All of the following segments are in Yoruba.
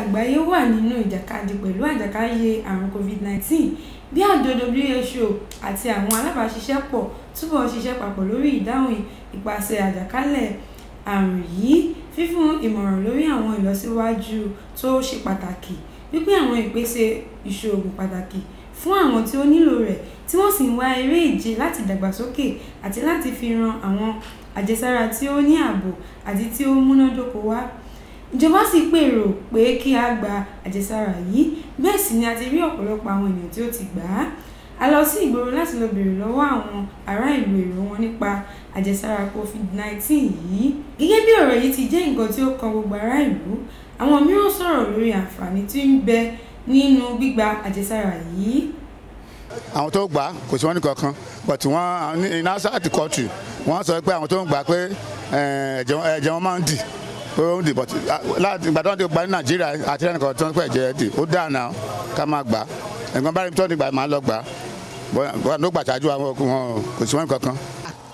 àgbáyé wà nínú ìjàkadì pẹ̀lú àjàkálẹ̀ àrùn COVID-19 bí àjọ WHO àti àwọn alábàáṣiṣẹ́pọ̀ túbọ̀ ṣiṣẹ́ papọ̀ lórí ìdáhùn ipasẹ̀ àjàkálẹ̀ àrùn yìí fífún ìmọ̀ràn lórí àwọn ìlọsíwájú tó ṣe pàtàkì pínpín àwọn ìpèsè ìṣòògùn pàtàkì fún àwọn tí ó nílò rẹ̀ tí wọ́n sì ń wá eré ìje láti dàgbàsókè àti láti fi ran àwọn àjẹsára tí ó ní ààbò àti tí ó múnádóko wá ìjọba sì pèrò pé kí a gba àjẹsára yìí bẹ́ẹ̀ sì ni a ti rí ọ̀pọ̀lọpọ̀ àwọn èèyàn tí ó ti gbà á a lọ sí ìgboro láti lọ bèrè lọ́wọ́ àwọn ará ìlú èrò wọn nípa àjẹsára covid-19 yìí gẹ́gẹ́ bí ọ̀rọ̀ yìí ti jẹ́ nǹkan tí ó kan gbogbo ará ìlú àwọn mìíràn sọ̀rọ̀ lórí àǹfààní tí ń bẹ nínú gbígba àjẹsára yìí àwọn tó gbà kò sí wọn nìkan kan but wọn in outside the country wọn sọ pé àwọn tó ń gbà pé eh, ẹ̀jẹ̀ wọn máa ń dì ó ń dìbò láti ìgbà tó ń gba ní nàìjíríà àti ẹnìkan tó ń pẹ̀ jẹ́ dì ó dáa náà ká máa gbà ẹ̀gbọ́n bá rí tó ń dìgbà máa lọ gbà bọ́n ló gbàtàjú àwọn ọkùnrin kò sí wọn kankan.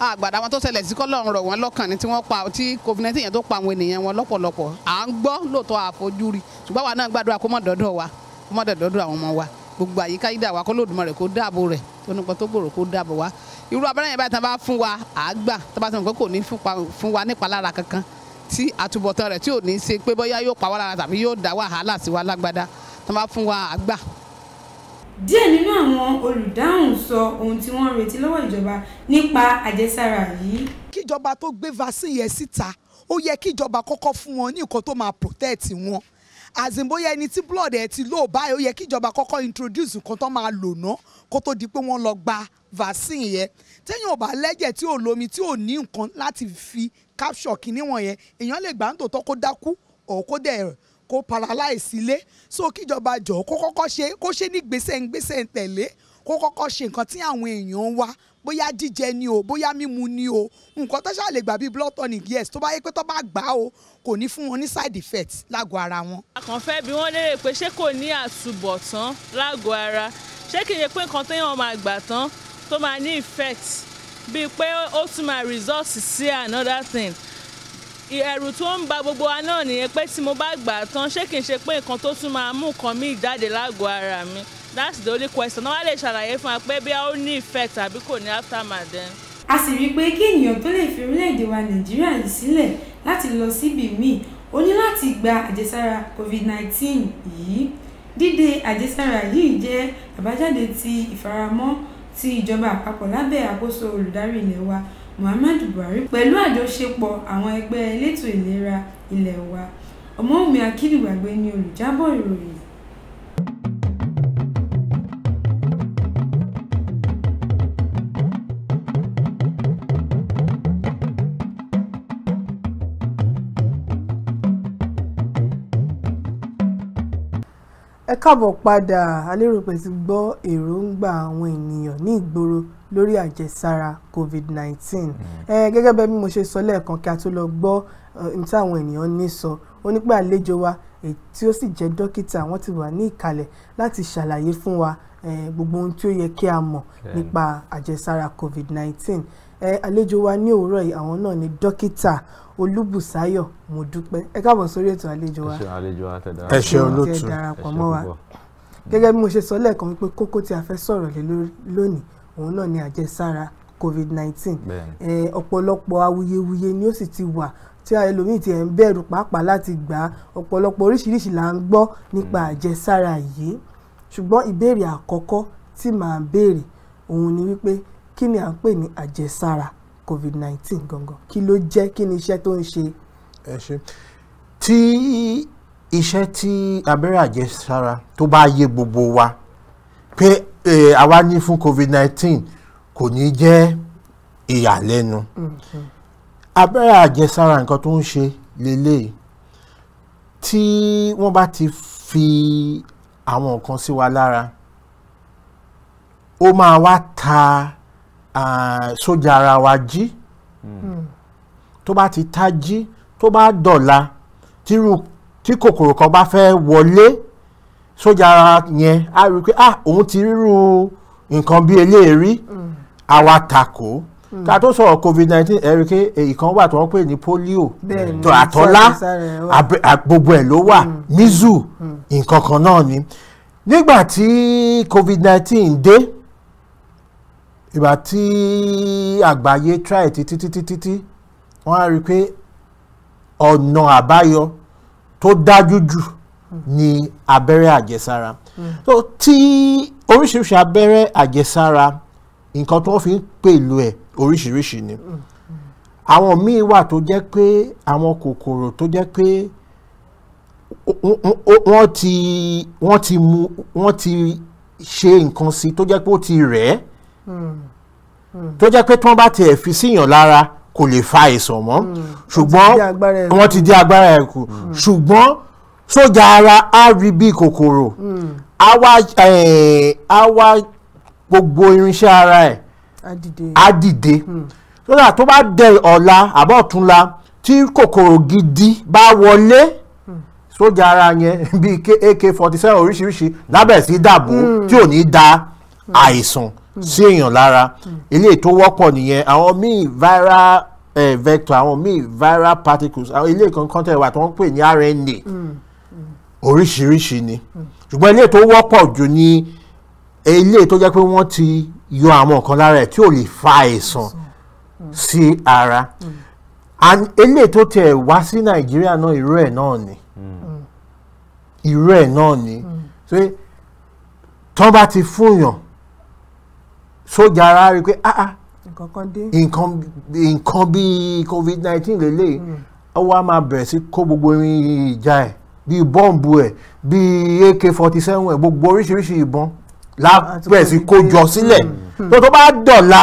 àgbàdo àwọn tó ṣẹlẹ̀ sí kọ́lọ́run rọ̀ wọ́n lọ́kàn ni tí wọ́n pa tí covid-19 yẹn tó pa àwọn ènìyàn wọn lọ́pọ̀lọpọ̀ à ń gbọ́ lóòótọ́ àfojúrí ṣùgbọ́n àwa náà gbàdúrà kó mọ̀ dọ́dọ̀ wa kó mọ̀ dọ́dọ̀ àwọn ọmọ wa gbogbo àyíká yìí dà wá kó Olódùmarè kó dáàbò rẹ̀ a bá fún wa àá gbà tá a bá sọ pé tí àtúbọ̀tán rẹ̀ tí ò ní ṣe pé bóyá yóò pa wá lára tàbí yóò dá wàhálà sí wa lágbádá tó máa fún wa àgbà. díẹ̀ nínú àwọn olùdáhùn sọ ohun tí wọ́n ń retí lọ́wọ́ ìjọba nípa àjẹsára yìí. kíjọba tó gbé vaccine yẹn síta ó yẹ kíjọba kọ́kọ́ fún wọn ní nǹkan tó máa protect wọn àzìnbóyá ẹni tí blood ẹ ti lò báyìí ó yẹ kíjọba kọ́kọ́ introduce nǹkan tó máa lò ná kó tó di pé wọ́n lọ gba vaccine yẹn téèyàn ò bá lẹ́jẹ̀ tí ò lómi tí ò ní nǹkan láti fi capture kìíní wọn yẹn èèyàn lè gbà ń tòótọ́ kó dákú ọ̀ kó dẹ̀ kó paralyze ilé so kíjọba jọ kó kọ́kọ́ ṣe kó ṣe ní gbèsè ń gbèsè kó kọ́kọ́ ṣe nǹkan tí àwọn èèyàn ń wá bóyá jíjẹ ni o bóyá mímu ni o nǹkan tó ṣáà lè gbà bíi blood tonic yes tó bá yẹ pé tó bá gbà o kò ní fún wọn ní side effect lágọ̀ ara wọn. àkànfẹ́ bí wọ́n lérè pé ṣé kò ní àtúbọ̀tán lágọ̀ ara ṣé kì í ṣe pé nǹkan tó yàn máa gbà tán tó máa ní effect bíi pé ó tún máa resort sí another thing ẹ̀rù tó ń ba gbogbo wa náà nìyẹn pé tí mo bá gbà á tán ṣé kì í ṣe pé nǹkan tó tún máa mú nǹkan míì jáde lágọ̀ọ́ ara mi that's the only question náà wá lè ṣàlàyé fún wa pé bí ó ní ìfẹ́ tàbí kò ní aftermath then. a sì rí i pé kí ènìyàn tó lè fi orílẹ̀-èdè wa nàìjíríà yìí sílẹ̀ láti lọ síbi míì ó ní láti gba àjẹsára covid-19 yìí dídé àjẹsára yìí jẹ́ àbájáde ti ìfaramọ́ ti ìjọba àpapọ̀ lábẹ́ àkóso olùdarí ilé wa Muhammadu Buhari pẹ̀lú àjọṣepọ̀ àwọn ẹgbẹ́ elétò ìlera ilé wa Ọmọ́wùmí Akínbíbàgbé ni olùjábọ̀ ìròyìn. ẹ káàbọ̀ padà aléròpẹ̀ ti gbọ́ èròǹgbà àwọn ènìyàn ní ìgboro lórí àjẹsára covid-19 mm. ẹ gẹ́gẹ́ bẹ́ẹ̀ bí mo ṣe sọ lẹ́ẹ̀kan kí a tó lọ gbọ́ ohun tí àwọn ènìyàn ní sọ ó ní pé àlejò wa tí ó sì jẹ́ dókítà wọ́n ti wà ní ìkàlẹ̀ láti ṣàlàyé fún wa gbogbo ohun tí ó yẹ kí a mọ̀ nípa àjẹsára covid-19 àlejò wa ní òwúrọ̀ yìí àwọn náà ni dókítà olúbùsáyọ̀ mọ̀dúpẹ́ ẹ káàbọ̀ sórí ètò àlejò wa ẹ ṣe olóòtú ẹ darapọ̀ wa gẹ́gẹ́ bí mo ṣe sọ lẹ́ẹ̀kan wípé kókó tí a fẹ́ sọ̀rọ̀ lé lónìí òun náà ni àjẹsára covid-19 ọ̀pọ̀lọpọ̀ awuyewuye ni ó sì ti wà tí ẹlòmíì ti ẹ̀ ń bẹ̀rù pàápàá láti gbà á ọ̀pọ̀lọpọ̀ oríṣiríṣi là ń gbọ́ nípa hmm. àjẹsára yìí ṣùgbọ́n ìbéèrè àkọ́kọ́ tí màá béèrè òun ni wípé kí ni à ń pè ní àjẹsára covid nineteen gangan kí ló jẹ́ kí ni iṣẹ́ tó ń ṣe. ẹ ṣe tí iṣẹ́ tí abẹ́rẹ́ àjẹsára tó bá yé gbogbo wa pé àwa ní fún covid nineteen kò ní jẹ́ ìyàlẹ́nu mm-hmm. abẹ́rẹ́ àjẹsára nǹkan tó ń ṣe lélẹ́yìí tí wọ́n bá ti fi àwọn nǹkan sí wa lára ó máa wá ta sójà ara wa jí hmm. tó bá ti tá jí tó bá dọ̀la tí kòkòrò kan bá fẹ́ wọlé sójà ara yẹn á rí i pé ah òun ti ríru nǹkan bí eléèrí àwa hmm. takò hmm. ká tó sọ̀rọ̀ covid nineteen ẹ̀rí pé èyí kan wà tó wọ́n pè ní polio tó àtọ́lá gbogbo ẹ̀ ló wà mizu nǹkan kan náà ni nígbà tí covid nineteen dé ìgbà tí àgbáyé try títí títí títí wọ́n á rí i pé ọ̀nà àbáyọ tó dájú jù ni abẹ́rẹ́ àjẹsára hmm. so tí oríṣiríṣi abẹ́rẹ́ àjẹsára nǹkan tó fi ń pèlò ẹ̀ oríṣiríṣi ni hmm. àwọn míì wà tó jẹ́ pé àwọn kòkòrò tó jẹ́ pé wọ́n ti wọ́n ti mu wọ́n ti ṣe nǹkan sí tó jẹ́ pé ó ti rẹ̀ ẹ́ tó jẹ́ pé tí wọ́n bá tiẹ̀ fi síyàn lára kò lè fa àìsàn mọ́ hmm. ṣùgbọ́n wọ́n ti dí agbára ẹ̀ kù hmm. ṣùgbọ́n sójà ara á rí bí kòkòrò hmm. á eh, wá gbogbo irinṣẹ́ ara ẹ̀ á dìde sójà tó bá dé ọ̀la àbọ̀túnla tí kòkòrò gidi bá wọlé sójà ara yẹn bíi ak forty seven oríṣiríṣi lábẹ̀ sí dàbò tí ò ní da àìsàn. Mm sí èèyàn lára eléyìí tó wọ́pọ̀ nìyẹn àwọn míì viral eh, vector àwọn míì viral particles àwọn eléyìí kan kọ́ńtẹ̀ wà tó ń pè ní RNA mm, mm. oríṣiríṣi ni mm. ṣùgbọ́n eléyìí tó wọ́pọ̀ jù ni eléyìí tó jẹ́ pé wọ́n ti yọ àwọn nǹkan lára ẹ̀ tí ò lè fa àìsàn sí ara and eléyìí tó tiẹ̀ wá sí Nàìjíríà náà irú ẹ̀ náà ni irú ẹ̀ náà ni tọ́ bá ti fúnyàn sójà ara rí i pé ah ah nǹkan bíi covid nineteen lélẹ́yìí hmm. ó wá máa bẹ̀rẹ̀ sí kó gbogbo irin ìjà ẹ̀ bíi bọ́ǹbù ẹ̀ bíi ak forty seven ẹ̀ gbogbo oríṣiríṣi ìbọn lábẹ̀ sí kó jọ sílẹ̀ hmm. Hmm. tó tó bá dọ̀la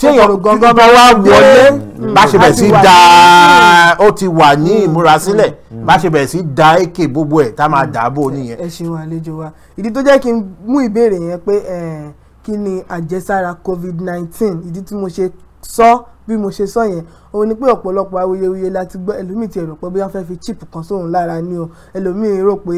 tí èèyàn gangan bá wá wọlé bá ṣe bẹ̀rẹ̀ sí da ó ti wà ní ìmúrasílẹ̀ bá ṣe bẹ̀rẹ̀ sí da ak gbogbo ẹ̀ tá máa dàbò nìyẹn. ẹ ṣeun àlejò wa ìdí tó jẹ́ kí n mú ìbéèrè yẹn pé eh, kí ni àjẹsára covid nineteen. ìdí tí mo ṣe sọ bí mo ṣe sọ yẹn òun ni pé ọ̀pọ̀lọpọ̀ awuyewuye la ti gbọ́ ẹlòmíì ti rò pé bóyá fẹ́ fi chip kan sóhun lára ni o ẹlòmíì rò pé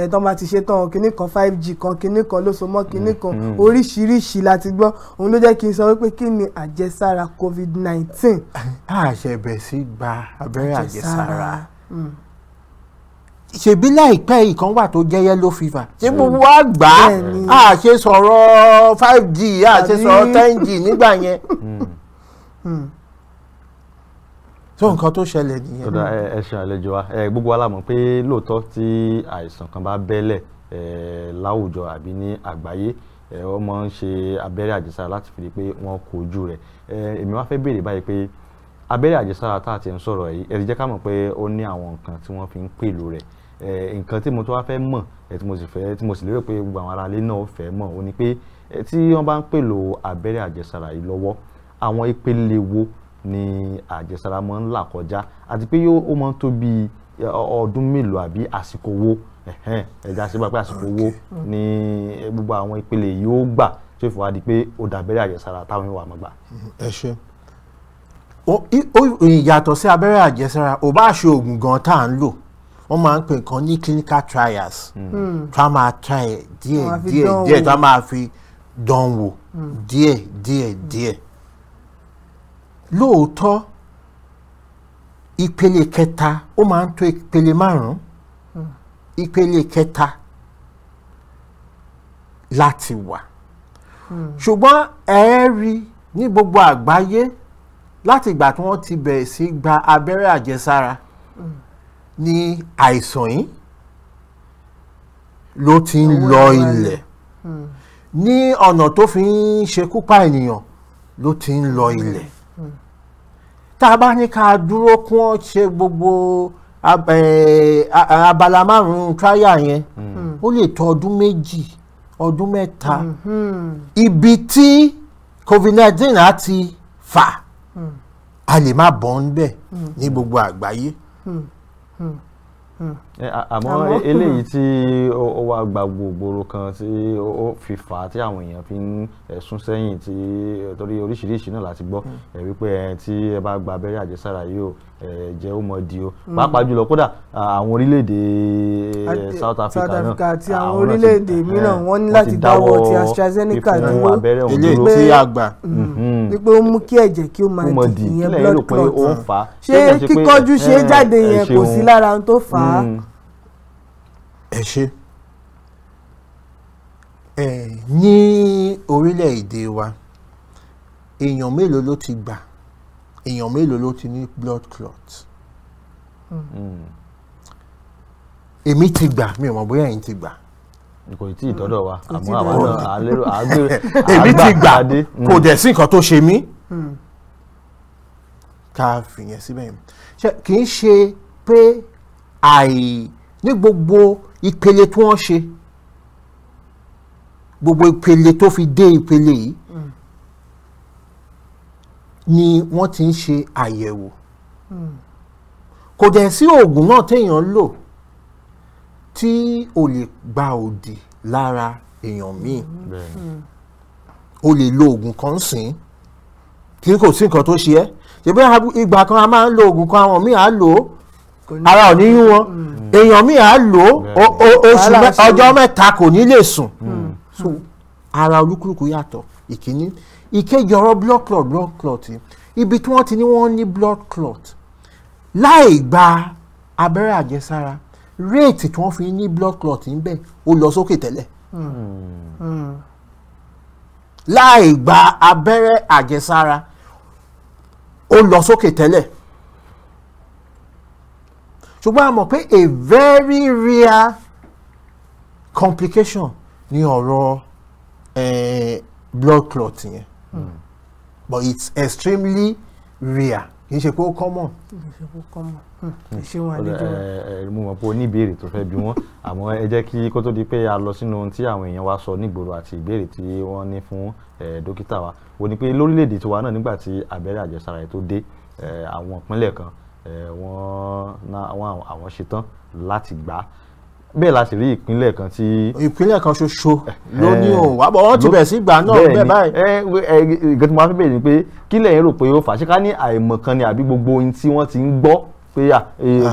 ẹ̀ tán bá ti ṣe tán kinní kan five g kan kinní kan ló so mọ́ kinní kan mm-hmm. oríṣiríṣi la ti gbọ́ òun ló jẹ́ kí n sọ wípé kí ni àjẹsára covid nineteen. a ṣẹ̀bẹ̀ sí gba abẹ́rẹ́ àjẹsára mm ṣèbí láìpẹ́ ìkan wà tó jẹ́ yellow fever ṣé gbogbo mm. wa gbà á a ṣe sọ̀rọ̀ five g a ṣe sọ̀rọ̀ ten g nígbà yẹn tó mm. nǹkan tó ṣẹlẹ̀ nìyẹn. ọ̀dà ẹ ṣe àlejò wa gbogbo wa la mọ̀ pé lóòótọ́ tí àìsàn kan bá bẹ́lẹ̀ láwùjọ àbí ní àgbáyé wọ́n máa ń ṣe abẹ́rẹ́ àjẹsára láti fi di pé wọ́n kojú rẹ̀ èmi wá fẹ́ béèrè báyìí pé abẹ́rẹ́ àjẹsára tá a ti ń sọ̀rọ̀ yìí ẹ jẹ́ ká mọ̀ pé ó ní àwọn nǹkan tí wọ́n fi ń pèlò rẹ̀ nǹkan tí mo tún wá fẹ́ mọ̀ tí mo sì fẹ́ tí mo sì lérò pé gbogbo àwọn aráalé náà fẹ́ mọ̀ ó ní pé tí wọ́n bá ń pèlò abẹ́rẹ́ àjẹsára yìí lọ́wọ́ àwọn ìpele wo ni àjẹsára máa ń là kọjá àti pé ó máa ń tó bí ọdún mélòó àbí àsìkò wo ẹ̀já sí pé àsìkò wo ni gbogbo àwọn ìpele yìí ó gbà tó fi wá di pé ó dà abẹ́rẹ́ àjẹsára táwọn ìwà máa gbà. ẹ ṣe ìyàtọ̀ sí abẹ́rẹ́ àjẹsára ò bá ṣe oògùn gan tá à ń lò wọ́n máa ń pè nǹkan ní clinical trials hmm. Hmm. tá a máa try ẹ̀ díẹ̀ díẹ̀ díẹ̀ tá a máa fi dán wò hmm. díẹ̀ díẹ̀ díẹ̀ lóòótọ́ ìpele kẹta ó máa ń tó ìpele márùn-ún ìpele kẹta láti wà ṣùgbọ́n ẹ rí ní gbogbo àgbáyé láti ìgbà tí wọ́n ti bẹ̀rẹ̀ sí gba abẹ́rẹ́ àjẹsára ni àìsàn yìí ló ti ń lọ ilẹ̀ hmm. ní ọ̀nà tó fi ń ṣekú pa ènìyàn ló ti ń lọ hmm. ilẹ̀ hmm. tá a bá ní ká dúró kún ọ́ ṣe gbogbo eh, abala márùn-ún tíráyà yẹn ó lè tó ọdún méjì ọdún mẹ́ta ibi tí covid-19 á ti fà a lè má bọ́ ń bẹ̀ ní gbogbo àgbáyé. Hmm. Hmm. àmọ́ e, eléyìí tí ó wá gba gbogbooro kan tí ó fi fà á tí àwọn èèyàn fi ń sún sẹ́yìn tí torí oríṣiríṣi náà láti gbọ́ hmm. wípé tí ẹ bá gba abẹ́rẹ́ àjẹsára yìí ó jẹ́ ó mọ̀ di o pàápàá jùlọ kódà àwọn orílẹ̀-èdè South Africa náà àti àwọn orílẹ̀-èdè mìíràn wọ́n ní láti dáwọ́ ti AstraZeneca dúró ilé tí a gbà Hmm. wípé ó mú kí ẹ̀jẹ̀ kí ó máa dì ìyẹn blood clot ṣé kíkọ́jú ṣe é jáde yẹn kò sí lára ohun tó fà á. Hmm. ẹ ṣe ẹ ní orílẹ̀-èdè wa èèyàn mélòó ló ti gbà èèyàn mélòó ló ti ní blood clot hmm. èmi ti gbà mi ò mọ̀ bóyá ẹ̀yin ti gbà kò tí ì tọ́dọ̀ wa àmọ́ àwa náà àlérò àgbèrè èmi ti gbà kò hmm. dẹ̀ sí nǹkan tó ṣe mí hmm. ká fìyẹn síbẹ̀ yẹn kì í ṣe pé àì ní gbogbo ìpele tí wọ́n ṣe gbogbo ìpele tó fi dé ìpele yìí hmm. ni wọ́n ti ń ṣe àyẹ̀wò kò dẹ̀ sí oògùn náà téèyàn lò tí o lè gba òdì lára èèyàn míì o lè lo oògùn kan sìn kí kò sí nǹkan tó ṣe ẹ́ ṣebí ìgbà kan a máa ń lo oògùn kan àwọn míì á lò ó ara ò ní yún wọn mm. èèyàn míì á lò ó oṣù ọjọ́ mẹ́ta kò ní lè sùn mm. Mm. so ara olúkúlùkù yàtọ̀ ìkíní ìkejì ọ̀rọ̀ blood clot blood clot ibi tí wọ́n ti ní wọ́n ní blood clot láì gba abẹ́rẹ́ àjẹsára rate tí wọ́n fi ní blood clot ń bẹ̀ ó lọ sókè tẹ́lẹ̀ láì gba abẹ́rẹ́ àjẹsára ó lọ sókè tẹ́lẹ̀ ṣùgbọ́n a mọ̀ pé a very rare complication ni ọ̀rọ̀ eh, blood clot yẹn mm. but it's extremely rare kì í ṣe pé ó common. kì í ṣe pé ó common hmm, ṣé wọn hmm. àlejò wọn. mo mọ̀ pé o ní ìbéèrè tó fẹ́ bí wọ́n àmọ́ ẹ jẹ́ kí kó tó di pé a lọ sínú ohun tí àwọn èèyàn wa sọ nígboro àti ìbéèrè tí wọ́n ní fún dókítà wa ó ní pé lórílẹ̀‐èdè tiwa náà nígbà tí abẹ́rẹ́ àjẹsára yìí tó dé àwọn ìpínlẹ̀ kan wọ́n ṣetán láti gbà á bẹ́ẹ̀ la sì rí ìpínlẹ̀ kan tí. ìpínlẹ̀ kan ṣoṣo eh, ló ní òun eh, wàá bọ̀ wọ́n ti bẹ̀ sí ìgbà náà bẹ́ẹ̀ báyìí. ẹ eh, ìgbà tí mo máa fi bèèrè ni pé kí lẹ̀yin rò pé ó fà ṣé ká ní àìmọ̀ kan ni àbí gbogbo ohun tí wọ́n ti ń gbọ́ pé ah.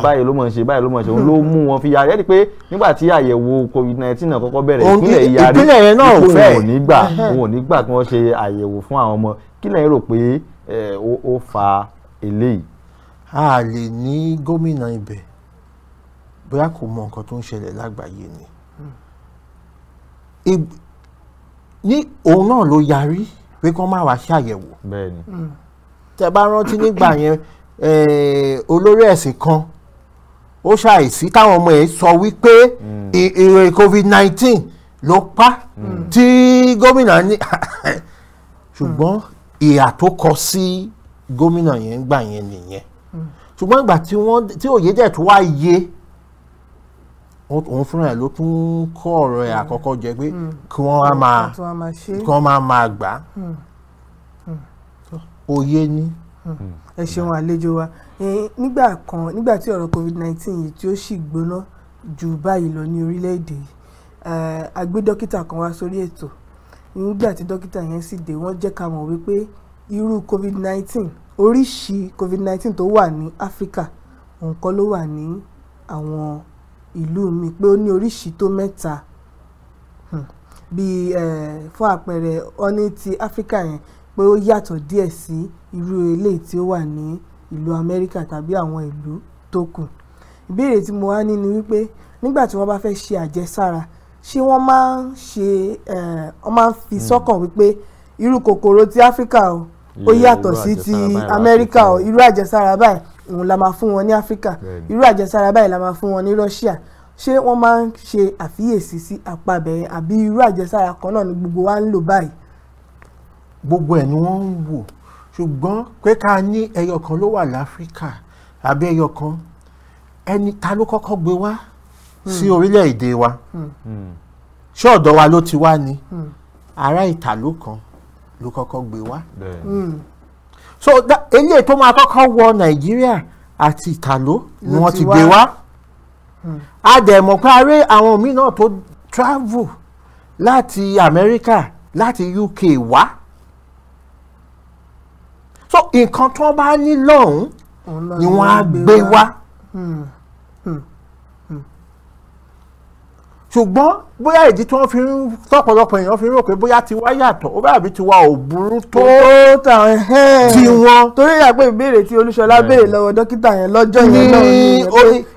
báyìí ló mọ̀ ṣe báyìí ló mọ̀ ṣe òun ló mú wọn fi ya rẹ́ni pé nígbà tí àyẹ̀wò covid nineteen náà kọ́kọ́ bẹ̀rẹ̀ ìpínlẹ̀ yarí ìpínlẹ̀ bóyá kò mọ nǹkan tó ń ṣẹlẹ̀ lágbàáyé ni hmm. ní òun náà ló yarí pé kán má wá ṣàyẹ̀wò hmm. tẹ bá rántí nígbà yẹn eh, olórí ẹ̀sìn kan ó ṣàìsí táwọn ọmọ ẹ̀ sọ wípé hmm. ìròyìn covid nineteen ló pa tí gómìnà ní ṣùgbọ́n ìyà tó kọ sí gómìnà yẹn gbà yẹn nìyẹn ṣùgbọ́n ìgbà tí òye dẹ̀ tó wá yé òun fúnra ẹ̀ ló tún kọ́ ọ̀rọ̀ ẹ̀ hmm. àkọ́kọ́ jẹ pé hmm. kí wọ́n máa kí wọ́n máa máa gbà òye hmm. ni. ẹ ṣeun àlejò wa nígbà kan nígbà tí ọ̀rọ̀ covid-19 yìí tí ó sì gbóná jù báyìí lọ ní orílẹ̀-èdè yìí a gbé dókítà kan wá sórí ètò nígbà tí dókítà yẹn sì dé wọ́n jẹ́ ká mọ̀ wípé irú covid-19 oríṣìí covid-19 tó wà ní áfíríkà òun ló wà ní àwọn ìlú mi pé ó ní oríṣi tó mẹ́ta hmm. bí fún àpẹẹrẹ ọ ní ti áfíríkà yẹn pé ó yàtọ̀ díẹ̀ sí irú eléyìí tí ó wà ní ìlú amẹ́ríkà tàbí àwọn ìlú tó kù ìbéèrè tí mo wá ní ni wípé nígbà tí wọ́n bá fẹ́ ṣe àjẹsára ṣé wọ́n máa ń ṣe wọ́n máa ń fi hmm. sọ́kàn wípé irú kòkòrò ti áfíríkà o ó yàtọ̀ sí ti amẹ́ríkà o irú àjẹsára báyìí òun la máa fún wọn ní Áfíríkà irú àjẹsára báyìí la máa fún wọn ní Russia ṣé wọ́n máa ń ṣe àfiyèsí sí apá àbí irú àjẹsára kan náà ni gbogbo wa ń lò báyìí. gbogbo ẹ̀ ni wọ́n ń wò ṣùgbọ́n pé ká ní ẹyọ kan ló wà láfíríkà àbí ẹyọ kan ẹni ta ló kọ́kọ́ gbé wá sí hmm. orílẹ̀-èdè wa hmm. Hmm. ṣé ọ̀dọ̀ wa ló ti wá ni ará ìtàló kan ló kọ́kọ́ gbé wá so eléyìí tó máa kọ́kọ́ wọ nàìjíríà àti ìtàló ni wọ́n ti gbé wá hmm. a dẹ̀ mọ̀ pé aré àwọn míì tó travel láti amẹ́ríkà láti uk wá so nǹkan tó bá ní lọ́hùn-ún ni wọ́n á gbé wá. Hmm. ṣùgbọ́n bóyá ìdí tí wọ́n fi ń tọ́pọ̀lọpọ̀ èèyàn fi ń rò pé bóyá tiwa yàtọ̀ ó bá àbí tiwa ò burú tó eh. ti wọn. torí àgbẹ̀ ìbéèrè tí Olúṣọlá béèrè lọ́wọ́ dókítà yẹn lọ́jọ́ yẹn náà ni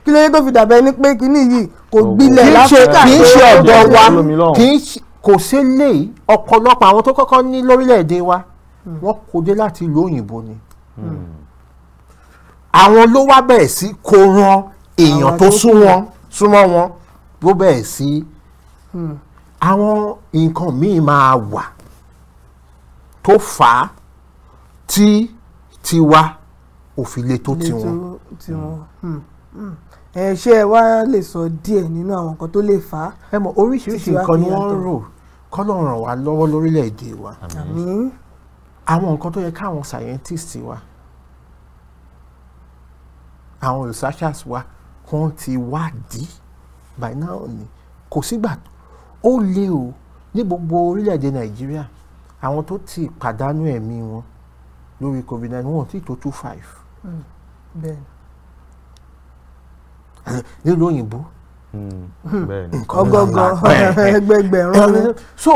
kí ló yẹ tó fi dàbẹ́ ni pé kíní yìí kò gbilẹ̀ láfíríkà kì í ṣe ọ̀dọ̀ wa kò sí lè ọ̀pọ̀lọpọ̀ àwọn tó kọ́kọ́ ní lórílẹ̀‐èdè wa hmm. wọ́n kò dé láti ìlú òyìnbó ni hmm. àwọn ló wá bẹ̀rẹ̀ sí kó ran èèyàn tó súnmọ́ wọn bó bẹ́ẹ̀ sí hmm. àwọn nǹkan míì máa wà tó fà á tí tiwa ò fi le tó tiwọn. Hmm. Hmm. ẹ ṣé ẹ wá lè sọ díẹ̀ nínú àwọn nǹkan tó lè fà á. ẹ mọ̀ oríṣiríṣi nǹkan ni wọ́n ń rò kọ́lọ̀ ràn wá lọ́wọ́ lórílẹ̀‐èdè wa àwọn nǹkan tó yẹ káwọn scientist wa àwọn researchers wa kàn ti wádìí by now ni kò sígbà ó le o ní gbogbo orílẹ̀-èdè nàìjíríà àwọn tó ti pàdánù ẹ̀mí wọn lórí covid nineteen wọn ti tó two five. Hmm, nílùú òyìnbó hmm, hmm, ọgọgọ ẹgbẹgbẹ̀rún. so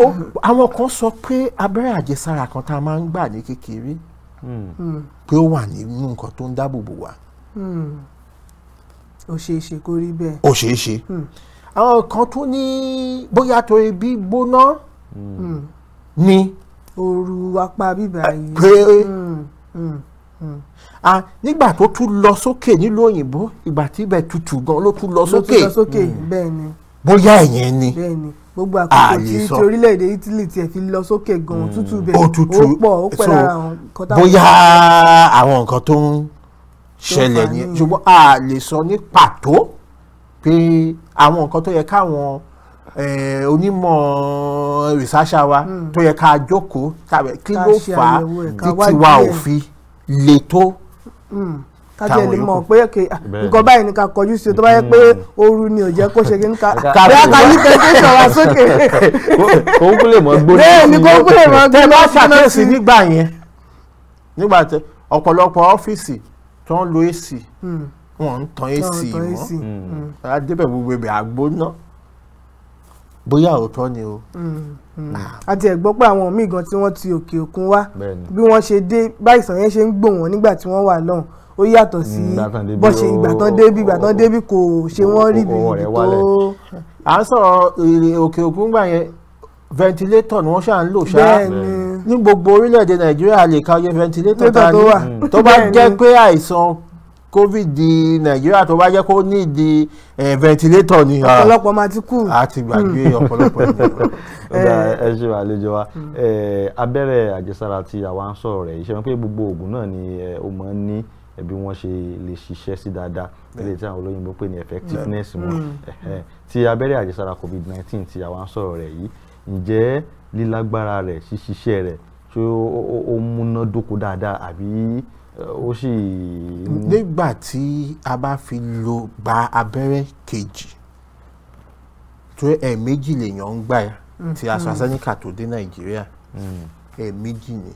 àwọn kan sọ pé abẹ́rẹ́ àjẹsára kan tá a máa ń gbà ní kékeré pé ó wà nínú nǹkan tó ń dáàbò bò wá ó ṣeé ṣe kó rí bẹ́ẹ̀. ó ṣeé ṣe. Hmm. àwọn kan tún ní bóyá torí bí gbóná hmm. Hmm. ni. ooru apá bíbá yìí. pé nígbà tó tún lọ sókè nílùú òyìnbó ìgbà tí ibẹ̀ tutù gan ló tún lọ sókè. ló lọ sókè bẹ́ẹ̀ ni. bóyá ẹ̀yẹn ni. bẹ́ẹ̀ ni gbogbo àkókò tí orílẹ̀-èdè Italy tiẹ̀ fi lọ sókè gan-an bẹ́ẹ̀ ó pọ̀ ó pẹ́ lára àwọn kọ́tà. bóyá àwọn nǹkan tó ń ṣẹlẹ̀ ní ṣùgbọ́n a lè sọ ní pàtó pé àwọn nǹkan tó yẹ káwọn eh, onímọ̀ rìsáṣà wa hmm. tó yẹ ká jókòó tàbí kí ló fà á tí tiwa ò fi le tó hmm. kájọ lè mọ̀ pé ah, nǹkan báyìí ni ká kọjú sí tó bá yẹ pé hmm. ooru ni ò jẹ́ kó ṣe kí n ka bí a kà yí tẹsíṣọ wa sókè. kò ń kúlè mọ́ gbóni. bẹ́ẹ̀ ni kò ń kúlè mọ́ gbóni. tẹ bá ṣàkíyèsí nígbà yẹn nígbà tẹ ọ̀pọ̀lọpọ̀ ọ́fíìsì tó ń lo AC hmm. wọn ń tan AC mọ́ adébẹ̀ hmm. gbogbo ibẹ̀ àgbóná bóyá òótọ́ ni o. àti hmm. ẹ̀gbọ́n pé àwọn míì gan tí wọ́n ti òkè òkun wá bí wọ́n ṣe dé báyìí sàn yẹn ṣe ń gbò wọ́n nígbà tí wọ́n wà lọ́hùn ó yàtọ̀ sí bó ṣe ìgbà tán débí ìgbà tán débí kò ṣe wọ́n rí ibi tó. à ń sọ̀rọ̀ òkè òkun gbà yẹn ventilator ni wọ́n ṣáà ń lò ṣáà ní gbogbo orílẹ̀-èdè nàìjíríà lè ka iye ventilator ta ni tó bá jẹ́ pé àìsàn covid di nàìjíríà tó bá jẹ́ kó ní di ventilator ni. Ah. ọ̀pọ̀lọpọ̀ máa ti kú. a ti gbàgbé hmm. ọ̀pọ̀lọpọ̀ eh. ẹ ṣe àlejò wa hmm. eh, abẹ́rẹ́ àjẹsára tí àwa ń sọ̀rọ̀ rẹ̀ ìṣẹ́ wọn pé gbogbo oògùn náà ni eh, ó máa ń ní ẹbí wọn ṣe lè ṣiṣẹ́ sí dáadáa ilé tí àwọn olóyìnbó pè ní effectiveness wọn hmm. ti abẹ́rẹ́ àjẹsára covid nineteen tí àwa ń sọ̀rọ̀ rẹ̀ yìí ǹjẹ́ lílágbára rẹ̀ ṣíṣiṣẹ́ rẹ̀ ṣé ó múnádóko dáadáa àbí ó sì. nígbà tí a bá fi lọ gba abẹ́rẹ́ kejì tó ẹ̀ẹ̀mejì lèèyàn ń gbà tí mm-hmm. AstraZeneca tó dé Nàìjíríà mm. ẹ̀ẹ̀mejì ni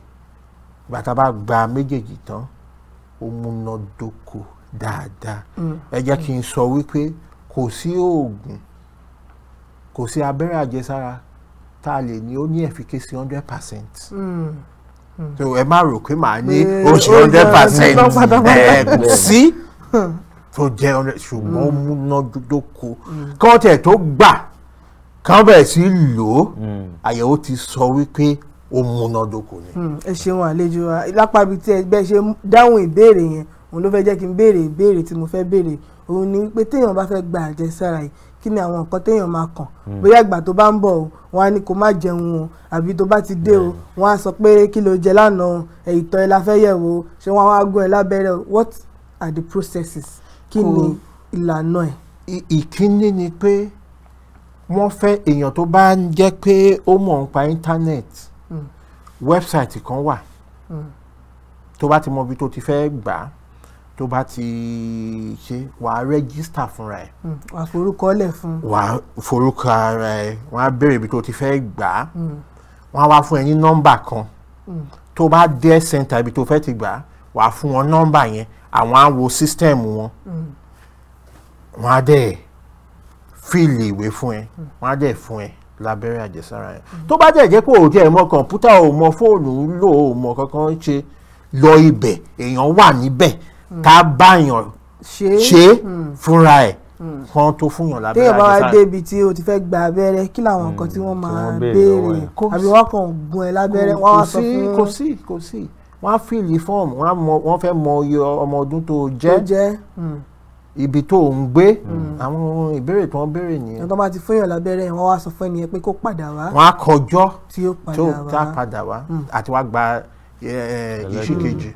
gbàtà bá gba méjèèjì tán ó múnádóko dáadáa mm. ẹ jẹ́ kí n sọ wípé kò sí oògùn kò sí abẹ́rẹ́ àjẹsára tá a lè ní ó ní efficacy hundred percent hmm. Hmm. so ẹ má rò pé màá ní oṣù hundred percent ẹ kò sí hmm. tó jẹ́ ṣùgbọ́n múnádóko kí wọ́n tiẹ̀ tó gbà kí wọ́n bẹ̀rẹ̀ sí lò ó àyẹ̀wò ti sọ wípé ó múnádóko ni. ẹ ṣeun àlejò wa lápábi tí ẹgbẹ́ ṣe dáhùn ìbéèrè yẹn òun ló fẹ́ jẹ́ kí n béèrè ìbéèrè tí mo fẹ́ béèrè òun ni pé téèyàn bá fẹ́ gba àjẹsára yìí kí ni àwọn nǹkan téèyàn máa kàn hmm. bóyá ìgbà tó bá ń bọ̀ o wọn á ní kó má jẹun o àbí tó bá ti dé o hmm. wọn á sọ pé kí ló jẹ lánàá o ẹ la fẹ́ yẹ̀ wò o ṣé wọn á gún ẹ lábẹ́rẹ́ o what are the processes kí ni ìlànà ẹ̀. ìkíní ni pé wọ́n fẹ́ èèyàn tó bá ń jẹ́ pé ó mọ̀ nípa íńtánẹ́ẹ̀tì hmm. wẹ́bsáìtì kan wà tó bá ti mọ ibi tó ti fẹ́ gbà á tó bá ti ṣe wàá rẹ́gísítà fúnra ẹ̀. Hmm, wàá forúkọ lẹ̀ fún. wàá forúkọ ara ẹ̀ wọ́n á béèrè ibi tó ti fẹ́ gbà á hmm. wọ́n á wá fún ẹ ní nọ́mbà kan hmm. tó bá dé center ibi tó fẹ́ ti gbà á wàá fún wọn nọ́mbà yẹn àwọn á wo system wọn wọ́n á dẹ̀ fíìlì ìwé fún ẹ wọ́n á dẹ̀ fún ẹ lábẹ́rẹ́ àjẹsára yẹn tó bá dẹ̀ jẹ́ pé ò jẹ́ ìmọ̀ kọ̀ǹpútà ò mọ fóònù lò ò mọ kankan ṣe lọ ibẹ̀ èèyàn wà níbẹ̀ ká báyàn ṣe hmm. fúnra ẹ̀ hmm. kan tó fún yàn lábẹ́rẹ́ àjẹsára. téèyàn bá wá débi tí o ti fẹ́ gba abẹ́rẹ́ kí làwọn hmm. nǹkan tí wọ́n máa béèrè àbí wọ́n kàn gun ẹ lábẹ́rẹ́ wọ́n wá sọ fún. kò sí kò sí wọ́n á fìlì fọ́ọ̀mù wọ́n fẹ́ mọ iye ọmọ ọdún tó jẹ́ ibi tó ń gbé àwọn ìbéèrè tó ń béèrè nìyẹn. ọ̀dọ́ bá ti fún yàn lábẹ́rẹ́ wọ́n wá sọ fún ẹnìyẹn pé kó padà wá. wọ́n á kọjọ́ tí ó padà wá àti wá gba ìṣìkejì.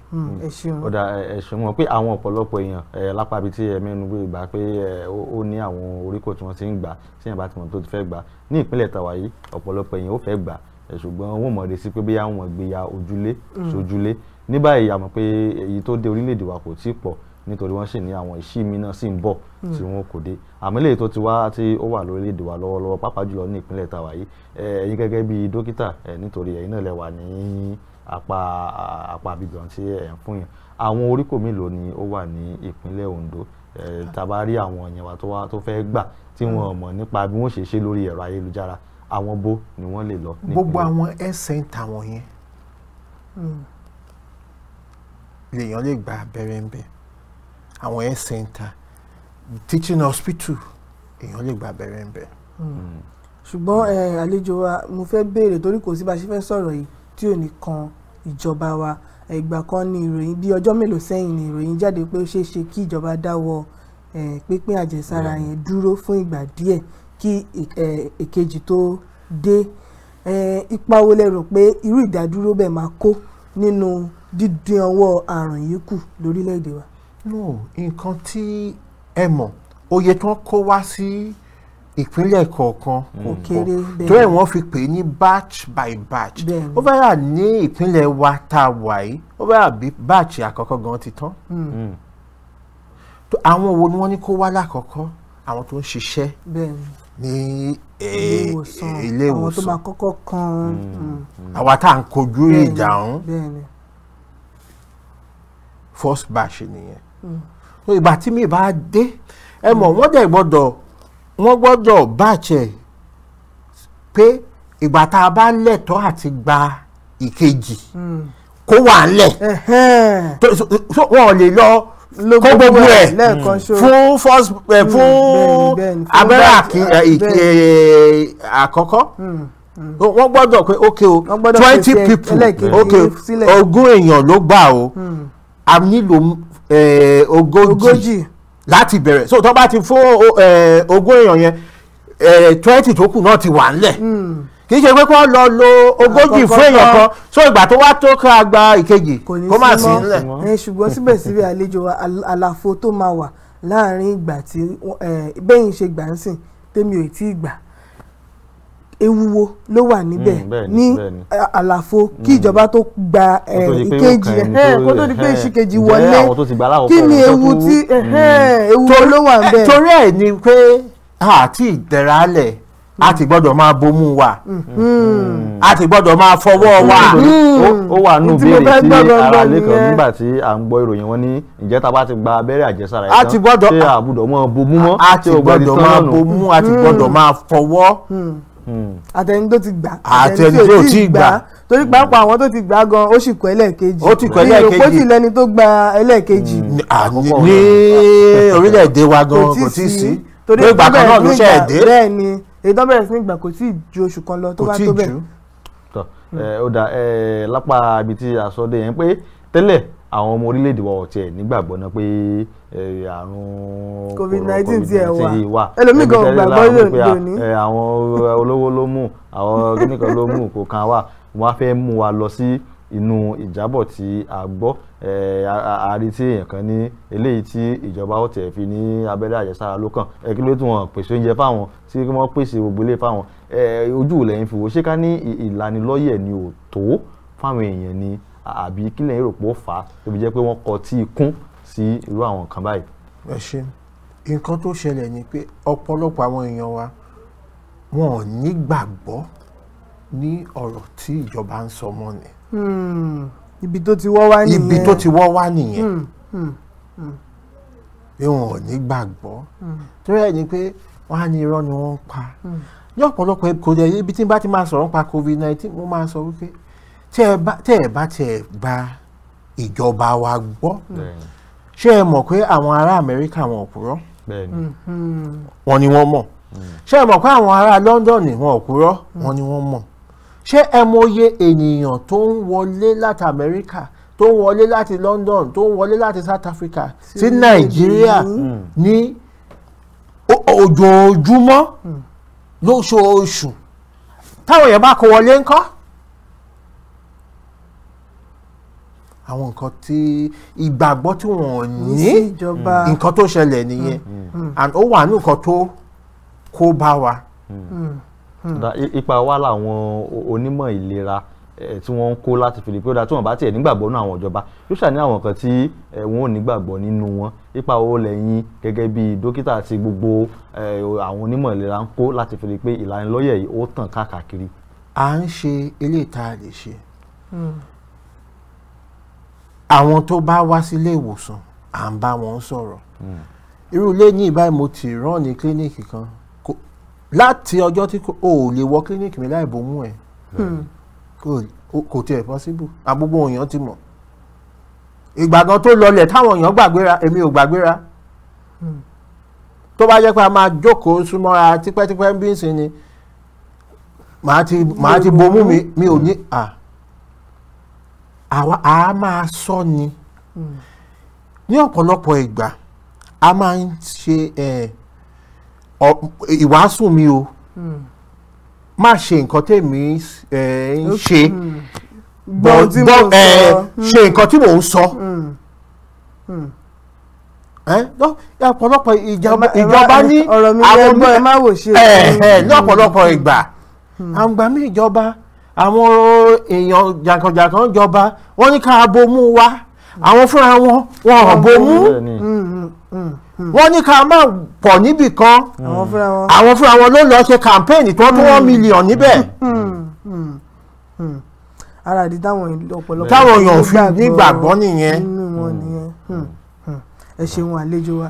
ó dà ẹ ṣeun mọ̀ pé àwọn ọ̀pọ̀lọpọ̀ èèyàn lápábi tí ẹ mẹ́nu gbé ìgbà pé ó ní àwọn oríkò tí wọ́n ti ń gbà tí èèyàn bá ti mọ̀ tó ti fẹ́ gbà ní ìpínlẹ̀ tàwa yìí ọ̀pọ̀lọpọ̀ èèyàn ó fẹ́ gbà ṣùgbọ́n wọ́n mọ̀ ọ́ de sí pé bí àwọn ìgbéya ojúlé hmm. sojúlé ní báyìí àmọ́ pé èyí tó dé orílẹ̀-èdè wa kò tí pọ̀ nítorí wọ́n sì ní àwọn ìṣí mi náà sì ń bọ̀ hmm. tí wọ́n kò dé àmọ́ eléyìí tó ti wá tí ó wà lórílẹ̀‐èdè wa lọ́wọ́lọ́wọ́ pàápàá jùlọ ní ìpínlẹ̀ tàwa yìí ẹ̀yin gẹ́gẹ́ bí dókítà nítorí ẹ̀yin náà lẹ ní apá apá abibọ̀n tí ẹ̀ ń fún yẹn àwọn oríkò mélòó ni ó wà ní ìpínlẹ̀ Ondo tàbá rí àwọn èèyàn wa tó wá tó fẹ́ gbà tí hmm. wọ́n mọ̀ nípa bí wọ́n ṣe ṣe lórí ẹ̀rọ ayélujára àwọn bó ni wọ́n lè lọ. gbogbo àwọn health center wọ̀nyẹn hmm, lèèyàn lè gba abẹ́rẹ́ ń bẹ́ẹ̀ àwọn health center teaching hospital èèyàn lè gba abẹ́rẹ́ ń bẹ̀. Hmm. ṣùgbọ́n àlejò wa mo fẹ́ béèrè torí kò sí bá a ṣe fẹ́ sọ̀rọ̀ yìí tí ò ní kan ìjọba wa ìgbà kan ni ìròyìn bí ọjọ́ mélòó sẹ́yìn ni ìròyìn jáde pé ó ṣeé ṣe kí ìjọba dáwọ́ pínpín àjẹsára hmm. yẹn dúró fún ìgbà díẹ̀ kí èkejì tó dé ipa wo lẹ rò pé irú ìdádúró bẹ́ẹ̀ máa kó nínú dídín ọwọ́ àrùn yìí kù lórílẹ̀‐èdè wa no nǹkan tí ẹ mọ̀ oyè tí wọ́n kó wá sí ìpínlẹ̀ kọ̀ọ̀kan mm. kò kéré bẹ́ẹ̀ tó ẹ̀ wọ́n fi pè é ní batch by batch ó fẹ́ rà ní ìpínlẹ̀ wa tá a wà yìí ó fẹ́ rà bí batch àkọ́kọ́ gan ti tán mm. Mm. àwọn wo ni wọ́n ní kó wá lákọ̀ọ́kọ́ àwọn tó ń ṣiṣẹ́ ní eh, ilé ìwòsàn eh, àwọn tó máa kọ́kọ́ kan àwa tá à ń kojú ìjà ọ̀hún first batch nìyẹn So hmm. ìgbà tí mi bá dé ẹ mọ̀ wọ́n dẹ̀ gbọ́dọ̀ wọ́n gbọ́dọ̀ bàjẹ́ pé ìgbà tá a bá lẹ́tọ̀ọ́ àti gba ìkejì kó wà lẹ̀ wọn ò lè lọ kó gbogbo ẹ̀ fún first eh, hmm, fún abẹ́rẹ́ eh, eh, àkọ́kọ́ hmm, wọ́n gbọ́dọ̀ pé ok o twenty people ok ogún èèyàn ló gbà o a nílò Eh, ogójì láti bẹ̀rẹ̀ so tó bá ti fún eh, ogún èèyàn yẹn eh, twenty tó kù náà ti wà ńlẹ̀ hmm. kì í ṣe pé kó lọ lo ogójì fún èèyàn kan so ìgbà tó wá tó ká gba ìkejì kó má sí ńlẹ̀. ṣùgbọ́n síbẹ̀síbẹ̀ àlejò àlàfo tó máa wà láàrin ìgbà tí bẹ́yìn ṣe gbà ń sìn tèmi ò tí ì gbà ewu wo ló wà níbẹ̀ mm, ní àlàfo mm. kí ìjọba tó gba eh, ìkejì eh, kó tó di pé eh, ìṣìkejì wọlé kí ni ewu tí mm. ewu wo ló wà níbẹ̀. torí ẹ̀ ni pé àti ìdẹ̀rálẹ̀ a ti gbọ́dọ̀ máa bomú wa a ti gbọ́dọ̀ máa fọwọ́ wa. ó wà nù béèrè tí ara lẹ́kọ̀ọ́ nígbà tí à ń gbọ́ ìròyìn wọn ní ǹjẹ́ tá bá ti gba abẹ́rẹ́ àjẹsára ẹ̀ tán ṣé àbúdọ̀ máa bomú mọ́. a ti gbọ́dọ̀ máa bomú a ti gbọ́dọ̀ máa fọwọ́ Hmm. àtẹni tó ti gbà àtẹni tó ti gbà torí pàápàá àwọn tó ti gbà gan ó sì kọ ẹlẹ́ẹ̀kejì ó ti kọ ẹlẹ́ẹ̀kejì ní ìròpótì lẹni tó gba ẹlẹ́ẹ̀kejì. Hmm. ní orílẹ̀-èdè wa gan kò tí ì sí torí ìgbà kan náà ló ṣe é dé. bẹ́ẹ̀ ni èyí tó bẹ̀rẹ̀ sí ní ìgbà kò tí ì ju oṣù kan lọ tó bá tó bẹ̀. ó dà lápá ibi tí a sọ dé yẹn pé tẹ́lẹ̀ àwọn ọmọ orílẹ̀-èdè wa ò tiẹ̀ nígbàgbọ́ náà pé àrùn covid nineteen ti ẹ̀ wà ẹlòmíì gan gbàgbọ́ lónìí. àwọn olówó ló mú àwọn kíníkan ló mú kò kan wà wọ́n á fẹ́ mú wa lọ sí inú ìjábọ̀ tí a gbọ́ àárí tí èèyàn kan ní eléyìí tí ìjọba ọ̀tẹ̀ fi ní abẹ́rẹ́ àjẹsára ló kàn kí ló tún wọn pèsè oúnjẹ fáwọn tí wọ́n pèsè gbogbo ilé fáwọn ojú lẹ́yìn fi wò ṣé ká ní ìlanilọ́yẹ̀ ni ò tó fáwọn èèyàn ni àbí kílẹ̀ èrò pọ̀ fà á tó jẹ́ pé wọ́n kọ tí ikún sí irú àwọn nǹkan báyìí. ẹ ṣe nǹkan tó ṣẹlẹ̀ ni pé ọ̀pọ̀lọpọ̀ àwọn èèyàn wa wọn ò ní gbàgbọ́ ní ọ̀rọ̀ tí ìjọba ń sọ mọ́ ni. Hmm. ibi tó ti wọ́ wá nìyẹn ibi tó ti wọ́ wá nìyẹn hmm. Hmm. pé wọn ò ní gbàgbọ́ torí ẹ̀ ni pé wọ́n á ní irọ́ ni wọ́n ń pa ní ọ̀pọ̀lọpọ̀ kò dẹ̀ ibi tí n bá ti máa sọ̀rọ̀ nípa covid nineteen mo máa sọ wípé tẹ́ ẹ bá tẹ́ gba ìjọba wa gbọ́. Mm. Mm ṣé ẹ mọ̀ pé àwọn ará amẹ́ríkà wọn ò purọ́ mm-hmm. wọn ni wọ́n mọ̀ mm. ṣé ẹ mọ̀ pé àwọn ará london wọn ò purọ́ wọn ni wọ́n mọ̀ ṣé ẹ mọye ènìyàn tó ń wọlé láti amẹ́ríkà tó ń wọlé láti london tó ń wọlé láti south africa sí nàìjíríà ní ojoojúmọ́ mm. lóṣooṣù táwọn yẹn bá kó wọlé ńkọ́. àwọn nǹkan tí ìgbàgbọ́ tí wọ́n ní mm, nǹkan tó ṣẹlẹ̀ nìyẹn mm. Mm. and ó wà ní nǹkan tó kó bá wa. ipa wa làwọn onímọ̀ ìlera eh, tí wọ́n ń kó láti fi lè pé ó dáa tí wọ́n bá tiẹ̀ nígbàgbọ́ nínú àwọn ìjọba yóò ṣàní àwọn kan tí eh, wọ́n ò nígbàgbọ́ nínú wọn ipa wo lẹ́yìn gẹ́gẹ́ bí dókítà àti gbogbo eh, àwọn onímọ̀ ìlera ń kó láti fi lè pé ìlanilọ́yẹ̀ yìí ó tàn káàkiri. à ń ṣe eléyìí tá a lè ṣe àwọn tó bá wá sílé ìwòsàn à ń bá wọn sọ̀rọ̀ hmm. irú ilé ní ìbáyìí mo ti rán ní kílíníkì kan láti ọjọ́ tí o ò lè wọ kílíníkì mi láì bomú ẹ̀ hmm. kò tiẹ̀ possible àgbogbo èèyàn ti mọ̀ ìgbà gan tó lọlẹ̀ táwọn èèyàn gbàgbéra èmi ò gbàgbéra hmm. tó bá jẹ́ pé a máa jókòó súnmọ́ra tipẹ́tipẹ́ bí ń sin ni màá ti bomú mi mi ò ní à àwa a máa sọ ni ní ọ̀pọ̀lọpọ̀ ìgbà a máa ń ṣe ìwàásù mi o má ṣe nǹkan tèmi ń ṣe hmm. gbọ́ ṣe nǹkan tí mò ń sọ hmm. Hmm. ọ̀pọ̀lọpọ̀ ìjọba ní àwọn ọmọ ẹ ní ọ̀pọ̀lọpọ̀ ìgbà àwọn ìgbà mi ìjọba. Mm àwọn èèyàn jàǹkànjàǹkàn jọba wọ́n ní ká bomú wa àwọn fúnra wọn wọn ò bomú mm, mm, mm, wọ́n ní ká má pọ̀ níbì kan àwọn fúnra wọn ló lọ́ọ́ ṣe kàmpéènì tó tó wọ́n mílíọ̀n níbẹ̀. ara ìdí táwọn ọ̀pọ̀lọpọ̀ táwọn èèyàn fi nígbàgbọ́ nìyẹn. ẹ ṣeun àlejò wa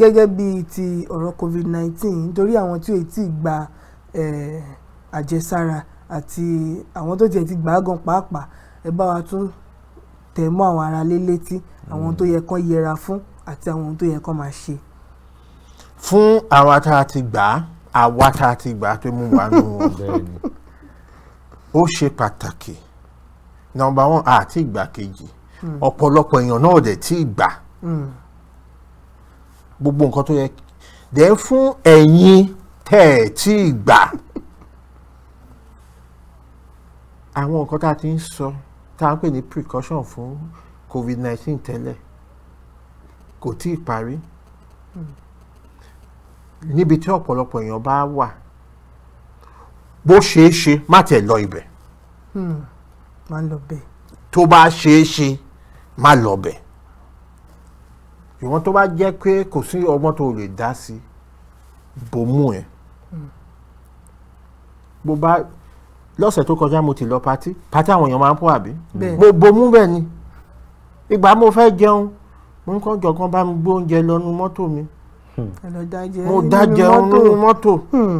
gẹ́gẹ́ bíi ti ọ̀rọ̀ covid nineteen nítorí àwọn tí ò tí ì gba àjẹsára àti àwọn tó tiẹ̀ ti gbà á gan pàápàá ẹ bá wa tún tẹ̀ mọ́ àwọn aráalé létí àwọn tó yẹ kán yẹra fún àti àwọn tó yẹ kán máa ṣe. fún àwa tá a ti gbà àwa tá a ti gbà á pé mo wà nù wọn ó ṣe pàtàkì nọ́mbà one àti ìgbà kejì hmm. ọ̀pọ̀lọpọ̀ èèyàn náà dẹ̀ tí ì gbà hmm. gbogbo nǹkan tó yẹ dẹ̀ fún ẹ̀yin tẹ̀ tí ì gbà àwọn nǹkan tá a ti ń sọ tá a ń pè ní precaution fún covid-19 tẹ́lẹ̀ kò tí ì parí níbi tí ọ̀pọ̀lọpọ̀ èèyàn bá wà bó ṣeé ṣe má tiẹ̀ lọ ibẹ̀ hmm, tó bá ṣeé ṣe má lọ bẹ̀ ìwọ̀n tó bá jẹ́ pé kò sí ọgbọ́n tó lè dá sí bòmú ẹ̀ hmm. bó bá lọ́sẹ̀ tó kọjá mo ti lọ patí patí àwọn èèyàn máa ń pọ̀ àbí mo bomú bẹ́ẹ̀ ni ìgbà mo fẹ́ jẹun mo ń kọ́ jọ̀kan bá mi gbé oúnjẹ lọ nu mọ́tò mi hmm. mo dá jẹun nínú mọ́tò hmm.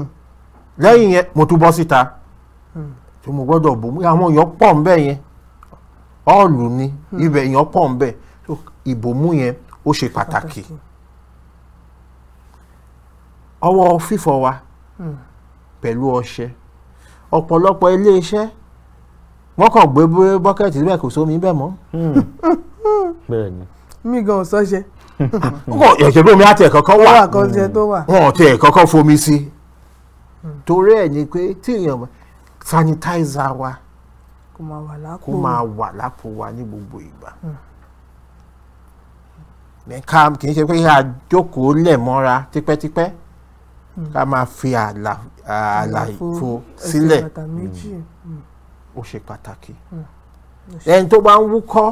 lẹ́yìn yẹn mo tún bọ́ síta tí hmm. mo gbọ́dọ̀ bomú àwọn èèyàn pọ̀ ń yẹn ọ̀ọ̀lù ni ibẹ̀ èèyàn pọ̀ ń bẹ̀ yẹn ó ṣe pàtàkì ọwọ́ fífọ̀ wa pẹ̀lú ọṣẹ ọ̀pọ̀lọpọ̀ iléeṣẹ́ wọ́n kàn gbé bọ́kẹ́tì síbẹ̀ kò sómi bẹ́ẹ̀ mọ́. Hmm. mi gan ò sọ́ṣẹ́. ẹ̀jẹ̀ bómi àti ẹ̀kọ́kọ́ wà wọn ò tẹ ẹ̀kọ́kọ́ fomi sí i hmm. torí ẹ̀ ni pé tí èèyàn sanitizer wa kó máa wà lápò wa ní gbogbo ìgbà hmm. kì í ṣe pé a jókòó lẹ̀ mọ́ra tipẹ́tipẹ́. Mm. ká máa fi àlàfo sílẹ̀ mm. Mm. ó ṣe pàtàkì ẹni tó bá ń wúkọ́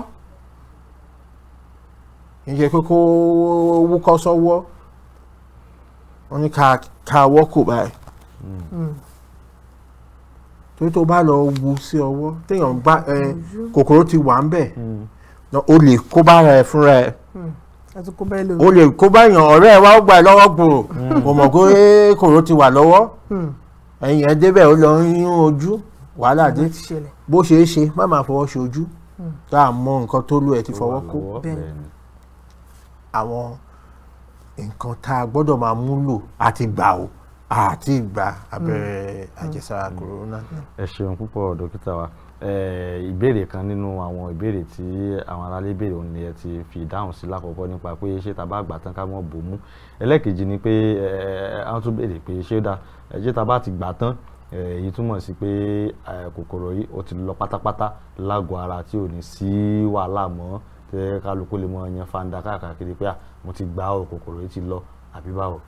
kì í ṣe pé kó wúkọ́ sọ́wọ́ wọ́n ní ká wọ́kù báyìí torí tó bá lọ wu sí ọwọ́ téèyàn bá kòkòrò ti wà ń bẹ̀ o lè kó bára ẹ fúnra ẹ o lè kó báyàn ọ̀rẹ́ wa ó gbà lọ́wọ́ gbòòrò kò hmm. mọ̀ pé kòró ti wà lọ́wọ́ hmm. ẹ̀yìn ẹ̀ débẹ̀ ó lọ yún ojú wàhálà dé bó ṣe é ṣe má máa fọwọ́ ṣe ojú hmm. tá a mọ nǹkan tó lù ẹ ti fọwọ́ kó àwọn nǹkan tá a gbọ́dọ̀ máa mú lò àti gbà o àti gbà abẹ́rẹ́ àjẹsára kòrónà. ẹ ṣeun púpọ̀ dókítà wa ìbéèrè kan nínú àwọn ìbéèrè tí àwọn aráalé béèrè òun ni ẹ ti fi ìdáhùn sí lákọ̀ọ́kọ́ nípa pé ṣé tá a bá gbà tán ká mọ̀ bò mú ẹlẹ́ẹ̀kejì ni pé àwọn tún béèrè pé ṣé ó dáa ṣé tá a bá ti gbà tán èyí túmọ̀ sí pé kòkòrò yìí ó ti lọ pátápátá lágọ̀ọ́ ara tí ò ní sí wàhálà mọ́ tẹ kálukú lè mọ ẹyàn fanda káàkiri pé mo ti gbà ọ kòkòrò yìí ti lọ àbí báwo.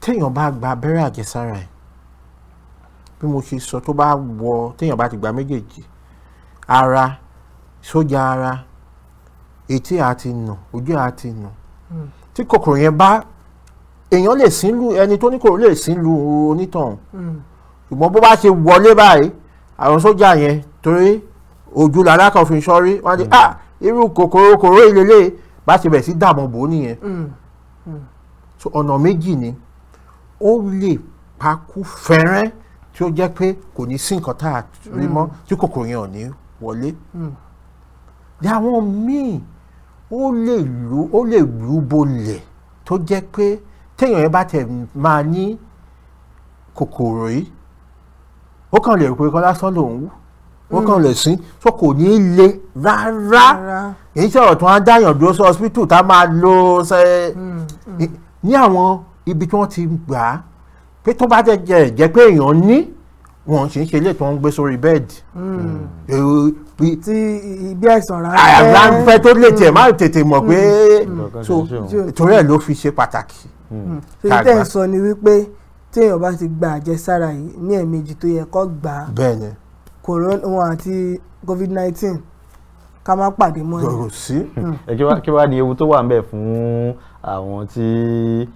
téèyàn bá gba abẹ́rẹ́ àjẹsára ẹ̀ bí mo ṣe sọ tó bá wọ téèyàn bá ti gba méjèèjì ara sójà ara etí àti nà ojú àti nà hmm. tí kòkòrò yẹn bá èèyàn lè sínlu ẹni tó ní kòkòrò lè sínlu onítàn hmm. ṣùgbọ́n bó bá ṣe wọlé báyìí àwọn sójà yẹn torí ojú làlá kan fi sọrí wọn di ah irú kòkòrò kòkòrò ìlélẹ̀ bá ṣe bẹ̀ sí dààmú bò nìyẹn hmm. so ọ̀nà méjì ni ó lè pakú fẹ́rẹ́ tí ó jẹ́ pé kò ní sí nǹkan tá a rí mọ́ mm. tí kòkòrò yẹn ò ní wọlé. Mm. àwọn míì ó lè lù ó lè lù bolẹ̀ tó jẹ́ pé téèyàn yẹn bá tẹ̀ máa ní kòkòrò yìí ó kàn lè rò pé kọ́lá sán lòún wú wọ́n kàn mm. lè sín tó kò ní í le rárá èyí tí ọ̀rọ̀ tí wọ́n dáyàn dúró sí hospital tá a máa lo ṣe ní àwọn ibi tí wọ́n ti gbà á pé tó bá jẹ́ jẹ́ pé èèyàn ní wọn ṣe ń ṣe ilé tó ń gbé sórí bẹ́ẹ̀dì. Hmm. ti ibi àìsàn rà ń fẹ́ àrà tó lè tiẹ̀ má tètè mọ̀ pé hmm. torí ẹ̀ ló fi ṣe pàtàkì. ṣèyí tẹ̀ ń sọ ni wípé téèyàn bá ti gba àjẹsára yìí ní ẹ̀ẹ̀mejì tó yẹ kó gbà á corona àti covid nineteen ká má pàdé mọ́ ni. kò sí. Hmm. kí wàá ní ewu tó wà ń bẹ fún àwọn tí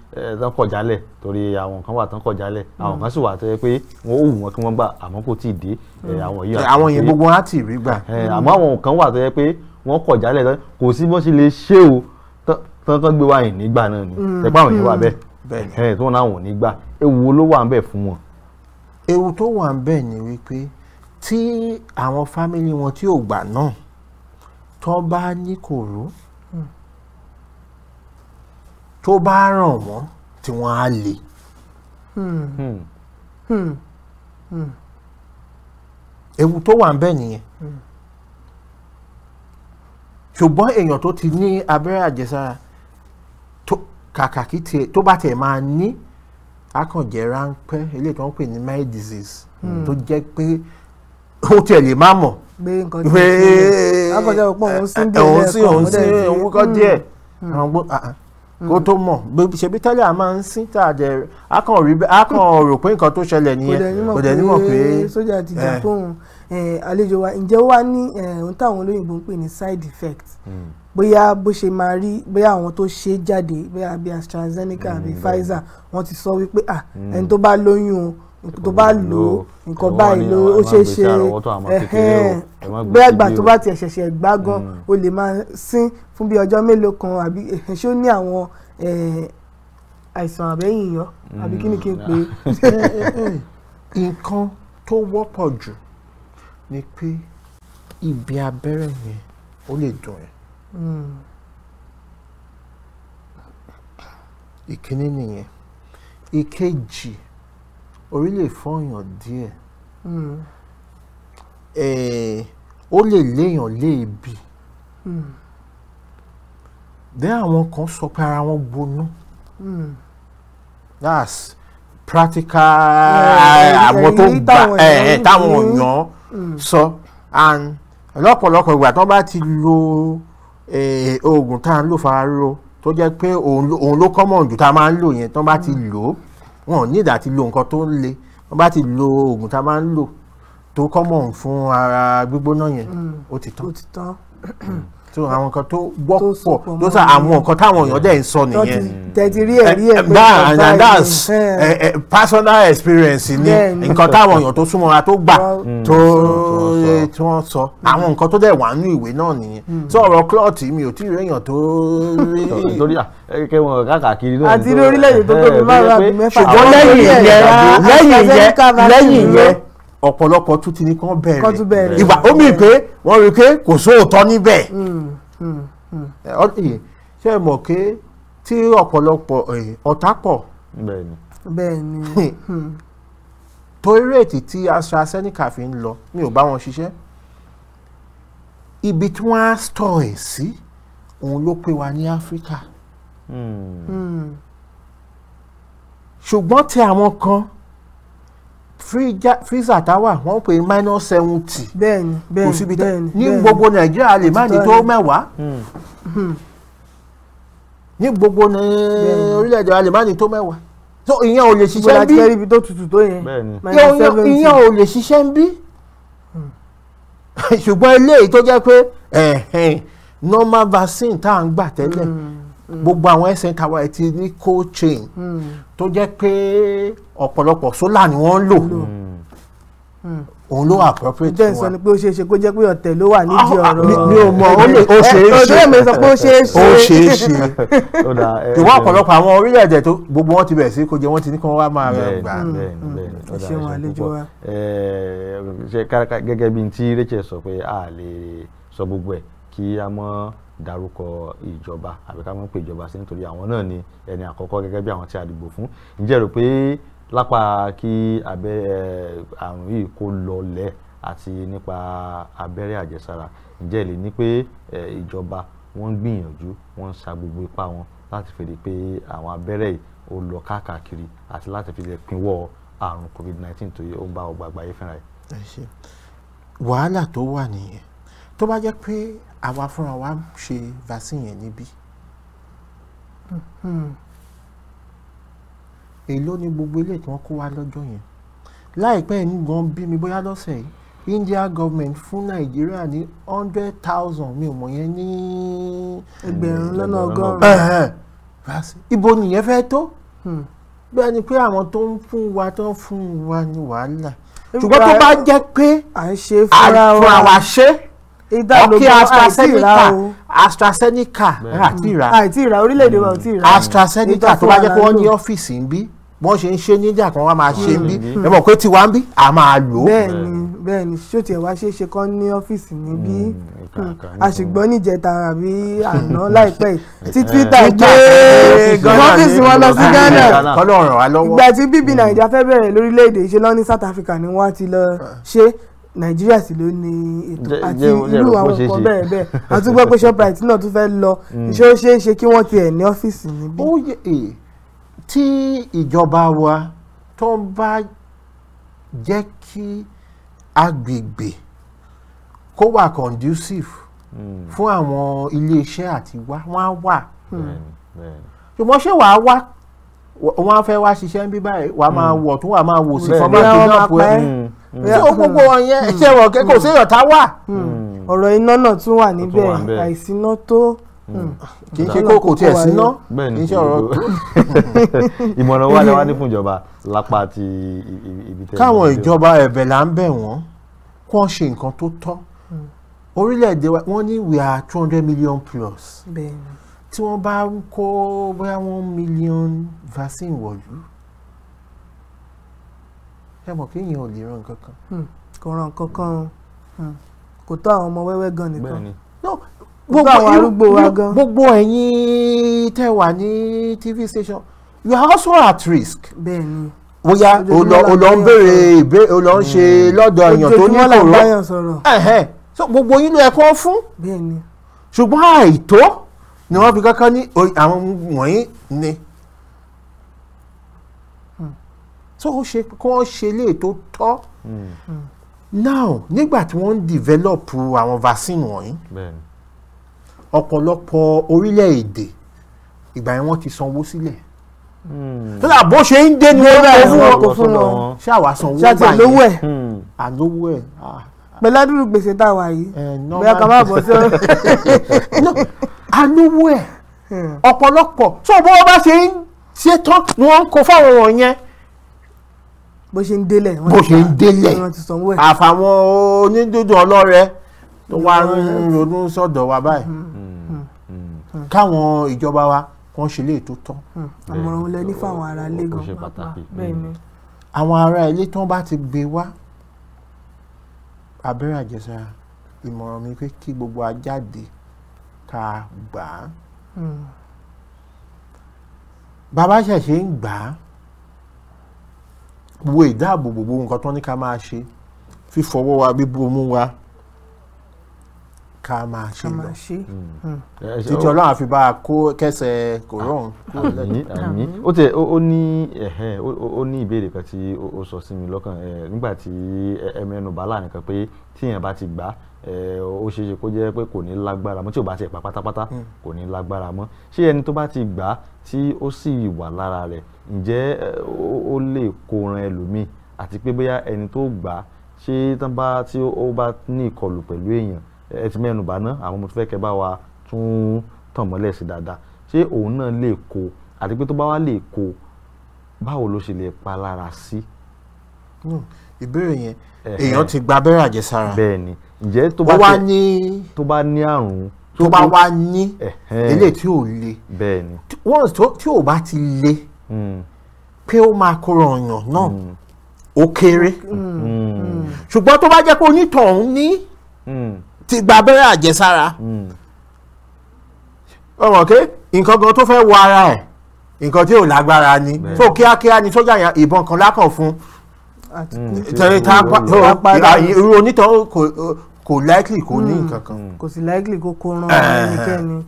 tán kọ̀ jálẹ̀ torí àwọn kan wà tán kọ̀ jálẹ̀ hmm. àwọn kan sì wà tó yẹ pé wọ́n ò wù wọ́n kí wọ́n gbà àmọ́ kò tí ì dé hmm. àwọn yìí. àwọn yẹn gbogbo wọn á tì rí gbà. àmọ́ àwọn kan wà tó pé wọ́n kọ̀ jálẹ̀ kò sí bó ṣe lè ṣe o tán gbé wá nígbà náà ni tẹpẹ́ àwọn yẹn wà bẹ́ẹ̀ tí wọ́n náà wọ̀ nígbà ewu ló wà ń bẹ fún wọn. ewu tó wà ń bẹ ni wípé tí àwọn fámìlì wọn tí ò gbà náà tó bá ní kòró hmm. tó bá ràn wọ́n tí wọ́n á le. Hmm. Hmm. ewu tó wà ń bẹ nìyẹn ṣùgbọ́n èèyàn tó ti ní abẹ́rẹ́ àjẹsára kàkà kí tiẹ̀ tó bá tiẹ̀ máa ní akànjẹ́ ráńpẹ́ eléyìí tó ń pè ní mild disease tó jẹ́ pé. Mm ó tiẹ̀ lè má mọ̀ eh, pé òun sí òun sí òun kọ́ díẹ̀ hmm. àwọn gbọ́ ah, ah. kó hmm. tó mọ̀ ṣebí tẹ́lẹ̀ a máa ń sín tá a jẹ a kàn rò pé nǹkan tó ṣẹlẹ̀ nìyẹn kò dẹ̀ nímọ̀ pé sójà ti jà tóun eh. eh, àlejò wa ǹjẹ́ ó wá ní ohun táwọn olóyìnbó ń pè ní side effect hmm. bóyá bó ṣe máa rí bóyá àwọn tó ṣe jáde bóyá bí AstraZeneca àbí Pfizer wọ́n ti sọ wípé ah, ẹni tó bá lóyún o tó bá lò ó nǹkan báyìí ló ó ṣe é ṣe bẹ́ẹ̀ gbà tó bá tiẹ̀ ṣẹ̀ṣẹ̀ gbá gan mm. o lè máa sín fún bí ọjọ́ mélòó kan àbí ṣé ó ní àwọn àìsàn àbẹ́yìn yọ mm. àbí kí ni kí n pè é. nǹkan tó wọ́pọ̀ jù ni pé ibi abẹ́rẹ́ yẹn ó lè dùn ẹ́ mm. ìkíní nìyẹn ìkejì orí lè fọyàn díẹ̀ hmm. eh, ó lè léèyàn léèbì hmm. then àwọn kan sọ pé ara wọn gbóná hmm. that's practical eh, ah, àwọn tó gbà táwọn eh, èèyàn sọ and lọ́pọ̀lọpọ̀ ìgbà tó bá ti lo oògùn tá à ń lò fara ro tó jẹ́ pé òun ló common jù tá a máa ń lò yẹn tó bá ti lò ó wọn ò ní ìdá ti lo nǹkan tó le wọ́n bá ti lo oògùn tá a máa ń lò tó kọ́mọ̀ fún ara gbígbóná yẹn mm. ó ti tán mm so àwọn nǹkan tó wọ́pọ̀ tó sà àwọn nǹkan táwọn èèyàn dẹ̀ ń sọ nìyẹn tẹ̀tí rí ẹ̀rí ẹ̀ eh, pé báyìí and that's eh. Eh, personal experience ni nǹkan táwọn èèyàn tó súnmọ́ ra tó gbà hmm, tó tí wọ́n sọ àwọn nǹkan tó dẹ̀ wà nínú ìwé náà nìyẹn hmm. so ọ̀rọ̀ klọ́ọ̀tì mi ò tí ì rí èèyàn tó rí. torí àkẹ́kẹ́ wọn káàkiri lónìí. àti lórílẹ̀‐èdè tó tóbi márùn-ún àbí mẹ́fà. ṣùgbọ́n lẹ́yìn ìyẹn lẹ́yìn ìyẹn lẹ́yìn ìyẹn ọ̀pọ̀lọpọ̀ tún ti ní kán bẹ̀rẹ̀ ìgbà ó mì pé wọ́n rí i pé kò sóòótọ́ níbẹ̀ hmm, hmm, hmm. ṣé ẹ mọ̀ pé tí ọ̀pọ̀lọpọ̀ ọ̀tá pọ̀ bẹ́ẹ̀ni torí rèétí tí AstraZeneca fi ń lọ mi ò bá wọn ṣiṣẹ́ ibi tí wọ́n á stọ̀ ẹ̀ sí òun ló pè wá ní Áfíríkà ṣùgbọ́n ti àwọn kan. Mm. Mm freezer tá wà wọ́n pè minus seventy. bẹ́ẹ̀ni bẹ́ẹ̀ni kò síbi bẹ́ẹ̀ni ní gbogbo nàìjíríà lè má ní tó mẹ́wàá hmm. Hmm. ní gbogbo eh, orílẹ̀-èdè wa lè má ní tó mẹ́wàá so ìyẹn ò lè ṣiṣẹ́ ń bí ibi tó tutù tó ìyẹn ò lè ṣiṣẹ́ bí hmm. ṣùgbọ́n eléyìí tó jẹ́ pé normal vaccine tá à ń gbà tẹ́lẹ̀ gbogbo àwọn ẹsẹ̀ tàwa ẹ̀ ti ní cold chain tó jẹ́ pé ọ̀pọ̀lọpọ̀ sólà ni wọ́n ń lò hmm. òun ló appropriate fún wa. jẹ́nsọ ni pé ó ṣeé ṣe kó jẹ́ pé ọ̀tẹ̀ ló wà nídìí ah, ah, ọ̀rọ̀. mi ò mọ ó lè ó ṣeé ṣe ọ̀dọ́ mi sọ pé ó ṣeé ṣe. ó ṣeé ṣe ìwọ ọ̀pọ̀lọpọ̀ àwọn orílẹ̀-èdè tó gbogbo wọn ti bẹ̀rẹ̀ sí kó jẹ wọ́n ti ní kí wọ́n wá máa rẹ̀ gbà. ṣé wọn àlejò wa. ṣe gẹ́gẹ́ bí ti Rachel sọ pé a lè sọ gbogbo ẹ̀ kí a mọ dárúkọ ìjọba àbí ká mọ̀ pé ìjọba sí nítorí àwọn náà ni ẹni àkọ́kọ́ gẹ́gẹ́ bí àwọn tí a dìbò fún ǹjẹ́ rò pé lápá kí abẹ́ eh, àrùn yìí kó lọlẹ̀ àti nípa abẹ́rẹ́ àjẹsára ǹjẹ́ lè ní pé eh, ìjọba wọ́n ń gbìyànjú wọ́n ń sa gbogbo ipá wọn láti fi rí pé àwọn abẹ́rẹ́ yìí ó lọ káàkiri àti láti fi lè pinwọ́ àrùn covid-19 tó yẹ ó ń bá ọgbà àgbáyé fínra ẹ̀. wàhálà tó wà nìyẹn tó bá jẹ́ pé àwa fúnra wa ṣe vaccine yẹn níbí hmm. èló ni gbogbo ilé tí wọ́n kó wá lọ́jọ́ yẹn láìpẹ́ yìí gan bí mi bóyá lọ́sẹ̀ yìí India government fún Nàìjíríà ní hundred thousand mi ò mọ̀ yẹn ní ẹgbẹ̀rún lọ́nà ọgọ́rùn-ún ibo nìyẹn fẹ́ tó hmm. bẹ́ẹ̀ ni pé àwọn tó ń fún wa tó ń fún wa ní wàhálà ṣùgbọ́n tó bá jẹ́ pé à fúnra wa ṣe ọkẹ́ AstraZeneca AstraZeneca àti ìrà àti ìrà orílẹ̀-èdè wa àti ìrà AstraZeneca tó bá jẹ́ pé wọ́n ní ọ́fíìsì ń bí bọ́n ṣe ń ṣe ní ìjà kan wá máa ṣe ń bí mm-hmm. ẹ mọ̀ pé tiwa ń bí a máa lò ó. bẹ́ẹ̀ni bẹ́ẹ̀ni ṣó tiẹ̀ wá ṣeé ṣe kán ní ọ́fíìsì níbí àṣùgbọ́n mm-hmm. hmm. níjẹta àbí àná láìpẹ́ yìí tí Twitter gbé ọ́fíìsì wọn lọ sí Ghana ìgbà tí bíbí Nàìjíríà fẹ́ bẹ̀rẹ̀ lórílẹ̀‐èdè ṣe lọ ní South Africa ni wọ́n ti lọ ah. ṣe nàìjíríà sì ló ní ètò àti irú àwọn nǹkan bẹ́ẹ̀ bẹ́ẹ̀ a tún gbọ́ pé shoprite náà tún fẹ́ẹ́ lọ mm. ṣé ó ṣeé ṣe kí wọ́n tiẹ̀ ní ọ́fíìsì níbí. ó yẹ eh, tí ìjọba wa tó bá jẹ́ kí agbègbè kó wà conducive mm. fún àwọn iléeṣẹ́ àti wá wọ́n á wà hmm. ṣùgbọ́n ṣé wàá wá wọ́n á fẹ́ wá ṣiṣẹ́ ń bí báyìí wàá máa hmm. wọ̀ tún wàá máa wò sí fọ́nmọ́tò náà pẹ́ hmm tí mm. o gbogbo wọn yẹn ṣe wọ̀ kẹ́ kò sí ìyọ̀tá wà. Mm. ọ̀rọ̀ iná náà tún wà níbẹ̀ àìsíná tó mm. kì í ṣe kó kò tiẹ̀ síná kì í ṣe ọ̀rọ̀ tó. ìmọ̀ràn wa lẹ́wọ́n ní fún ìjọba lápá ti ibi tẹ́lẹ̀. káwọn ìjọba ẹ̀bẹ̀ là ń bẹ̀ wọ́n kó ṣe nǹkan tó tọ́ orílẹ̀-èdè wa ní we are two hundred million plus tí wọ́n bá ń kó bóyá one million vaccine wọ̀lú ẹ mọ̀ kí èèyàn ò lè ran nǹkan kan. Hmm, kò ran nǹkan kan hmm, kò tó àwọn ọmọ wẹ́wẹ́ gan nìkan kò tó àwọn arúgbó wa gan. gbogbo ẹ̀yin tẹ́ wà ní tv station you are also at risk. bẹ́ẹ̀ni bóyá o lọ ń béèrè o lọ ń ṣe hmm. lọ́dọ̀ èèyàn tó ní kòró so gbogbo yín ló ẹ̀kọ́ fún ṣùgbọ́n àìtó ni wọ́n fi kankan ní àwọn wọ̀nyí ni. so ó ṣe kí wọ́n ṣe ilé tó tọ́ hmm. now nígbà tí wọ́n ń develop àwọn vaccine wọ̀nyí ọ̀pọ̀lọpọ̀ orílẹ̀-èdè ìgbà yẹn wọ́n ti sanwó sílẹ̀ tó hmm. dà bó ṣe ń dé ní owó fún wọn ṣáà sanwó gbà yẹn àlówó ẹ̀ hmm. ah. pẹ̀lú àdúrú gbèsè tá a wà yìí eh, bóyá ká má bọ̀ sí ọ. àlówó ẹ̀ ọ̀pọ̀lọpọ̀ tó bó bá ṣe ń ṣe tán ni wọ́n ń kó fáwọn wọ̀nyẹn bó ṣe ń délẹ̀ bó ṣe ń délẹ̀ àfàwọn onídùúdù ọlọ́rẹ tó wá ń ronú sọ́dọ̀ wa báyìí mm-hmm. Mm-hmm. Mm-hmm. káwọn ìjọba wa kan ṣe léètò tán. àmọ̀ràn olè ní fáwọn ará ilé gan pàápàá bẹ́ẹ̀ ni. àwọn ará ilé tán bá ti gbé wá abẹ́rẹ́ àjẹsára ìmọ̀ràn mi pé kí gbogbo ajáde ká gbà á. Mm. bàbá ṣẹ̀ṣẹ̀ ń gbà á wo ìdáàbòbò gbogbo nǹkan tó ní ká máa ṣe fífọwọ́ wa bíbomú wa ká máa ṣe lọ hmm. Hmm. títí ọlọ́run àfi bá a kó kẹsẹ̀ kò O ah, ó tẹ o ní ó ní ìbéèrè kan tí ó sọ sí mi lọ́kàn nígbà tí ẹ mẹ́nu bá láàrin kan pé tíyẹn bá ti gbà ó ṣeé ṣe kó jẹ́ pé kò ní lágbára mọ́ tí ò bá tiẹ̀ pa pátápátá hmm. kò ní lágbára mọ́ ṣé ẹni tó bá ti gbà á tí ó sì wà lára rẹ̀ ǹjẹ́ ó lè kó ran ẹlòmíì àti pé bóyá ẹni tó gbà á ṣé tán bá tí ó bá ní ìkọlù pẹ̀lú èèyàn ẹ ti mẹ́nu bá ná àwọn ọmọ fẹ́ kẹ́ bá wa tún tàn mọ́lẹ̀ sí dáadáa ṣé òun náà lè kó àti pé tó bá wá lè kó báwo ló ṣe lè palára sí. Hmm. ìbéèrè yẹn èèyàn ti gba abẹ́rẹ́ àjẹsára. bẹ́ẹ̀ ni ǹjẹ́ tó bá wá ní tó bá ní àrùn tó bá wá ní eléyìí tí ò le bẹ́ẹ̀ ni once tí ò bá ti le hmm. pé ó máa kóra ọ̀yàn náà hmm. ó kéré hmm. ṣùgbọ́n tó bá jẹ́ pé onítọ̀hún ní ti gba abẹ́rẹ́ àjẹsára ọmọ ké nǹkan gan tó fẹ́ wọ ara ẹ̀ nǹkan tí ò lágbára ni so kíákíá ni sójà yẹn ìbọn kan lákàn fún un ìtẹ̀rẹ̀ mm. tá a pa irú mm. onítọ̀ kò likely kò ní mm. nǹkan kan. kò sì likely kó kó ran eh. ẹnikẹ́ni.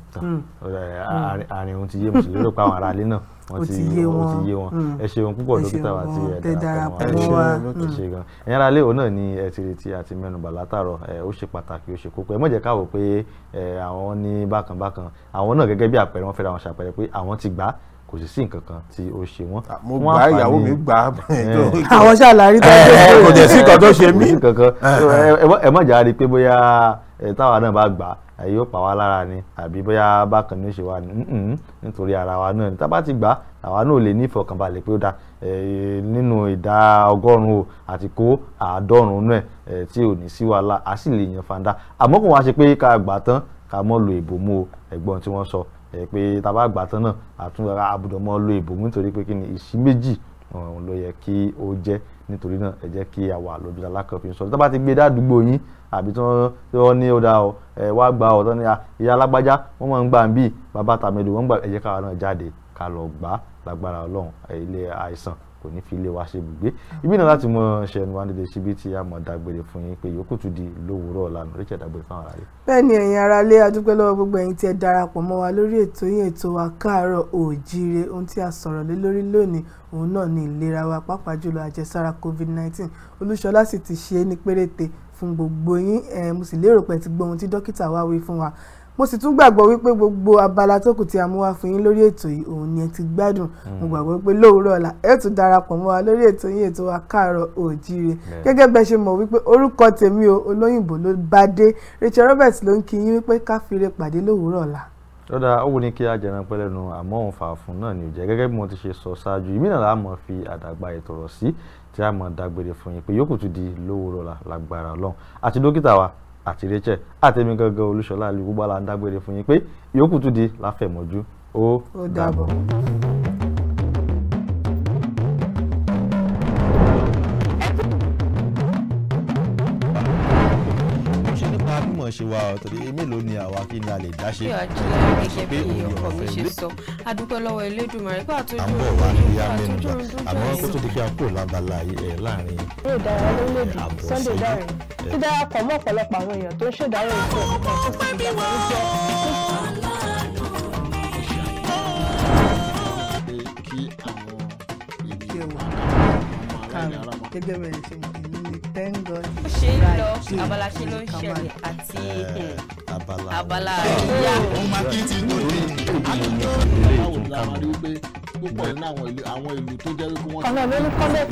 àárín ohun ti yé mo sì lérò pé àwọn aráalé náà wọ́n ti yé wọn ẹ ṣeun púpọ̀ dókítà wa ti ẹ darapọ̀ mọ́ ẹ ṣe gan ẹ̀yin aráalé òun náà ni ẹ ti retí àti mẹ́nubà látàárọ̀ ó ṣe pàtàkì ó ṣe kókó ẹ má jẹ́ ká wò pé àwọn ní bákan bákan àwọn náà gẹ́gẹ́ bí àpẹẹrẹ wọn fẹ́ra wọn ṣàpẹẹrẹ pé àwọn ti gbà á kò sì sí nǹkan kan tí ó ṣe wọ́n. mo gba ìyàwó mi gba eh, àwọn ṣàlàyé tó ṣe é kò dẹ̀ sí nǹkan tó ṣe mí. Eh, ẹ má jáde pé bóyá eh, táwa náà bá gbà á yóò pa wá lára ni àbí bóyá bákan ní ó ṣe wá ni nítorí ara wa náà ni tá bá ti gbà àwa náà lè ní ìfọ̀kànbalẹ̀ pé ó da nínú ìdá ọgọ́rùn-ún o àti kó àádọ́rùn-ún náà tí ò ní sí wàhálà a sì lè yan fanda àmọ́ kò wá ṣe pé ká gbà tán ká mọ́ lo ìbomú ẹ̀gbọ́n tí wọ́n sọ ẹ pé tábà gbà tán náà àtúnra àbùdọ̀ mọ́ lo ìbòmú nítorí pé kí ni ìṣí méjì ọ̀hún ló yẹ kí ó jẹ́ nítorí náà ẹ jẹ́ kí a wà lójú alákọ̀ọ́fin sọ̀rọ̀ tó bá ti gbé dádùúgbò yín àbí tí wọ́n ní ó dá ọ ẹ wá gba ọ̀tọ́ ní ìyá alágbájá wọ́n máa ń gbà ń bí bàbá tàmílù wọ́n gbà ẹ jẹ́ káwa náà jáde ká lọ gbà lágbára ọlọ́run ilé àìsàn kò ní fi ilé wa ṣe ibùgbé ibi náà láti mọ ṣẹnu wa nílé ṣíbí tí a mọ dágbére fún yín pé yòókù tún di lówùúrọ̀ ọ̀lànà ló ṣe dágbére fún ara rẹ. bẹ́ẹ̀ ni ẹ̀yin lé a dúpẹ́ gbogbo ẹ̀yin tí ẹ darapọ̀ mọ́ wa lórí ètò yín ètò wa káàárọ̀ oòjíire ohun tí a sọ̀rọ̀ lé lórí lónìí òun náà ni ìlera wa pàápàá jùlọ àjẹsára covid nineteen olúṣọlá sì ti ṣe é ní péréte fún gbogbo yín mo sì lérò pé mo sì tún gbàgbọ́ wípé gbogbo abala tó kù tí a mú wá fún yín lórí ètò yìí òun ni ẹ ti gbádùn mo hmm. gbàgbọ́ wípé lóòrọ̀ ọ̀la ẹ tún darapọ̀ mọ́ wa lórí ètò yín ètò wa káàárọ̀ oòjíire gẹ́gẹ́ bẹ́ẹ̀ ṣe mọ̀ wípé orúkọ tèmi o olóyìnbó ló bá dé Rachel Roberts ló ń kí yín wípé ká fire pàdé lóòrọ̀ ọ̀la lọ́dà ó wù ní kí ajẹran pẹ́lẹ́ nu àmọ́ òun fàáfún náà ní ìjẹ́ gẹ́gẹ́ bí mo ti ṣe sọ ṣáájú a mọ̀ dágbére wa àti rachel àtẹ̀mí gangan olúṣọlá àlè gbogbo àlàndágbére fún yín pé ìyókù tún di láfẹ̀mọ́jú ó dàbọ̀. ṣe wá ọ torí mélòó ni àwa kí ni a lè dá ṣe. yóò jẹ́ gẹ́gẹ́ bí ọkọ mi ṣe sọ a lọ́wọ́ Elédùmarè pé àtúntò ń bọ̀ wá ní ìyá mẹ́rin gbà àmọ́ kó tó di pé a kúrò lábala ẹ̀ láàrin. eré ìdárayá lórílẹ̀‐èdè Sunday dáre dídarapọ̀ mọ́ ọ̀pọ̀lọpọ̀ àwọn èèyàn tó ń ṣèdárò ìfẹ́ ọ̀pọ̀ tó ti gẹ́gẹ́ bẹ́ẹ̀ ni tí mo ṣe ń lọ abala ṣe ló ń ṣẹlẹ̀ àti eh, hmm, abala àríyá. ọmọ akin ní àtúntò. a máa rí pé púpọ̀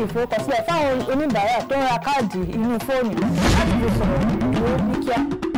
ìfowópamọ́sílẹ̀ fáwọn oníbàárà tó ń ra káàdì inú fóònù láti fi sọ̀rọ̀ ní kíá.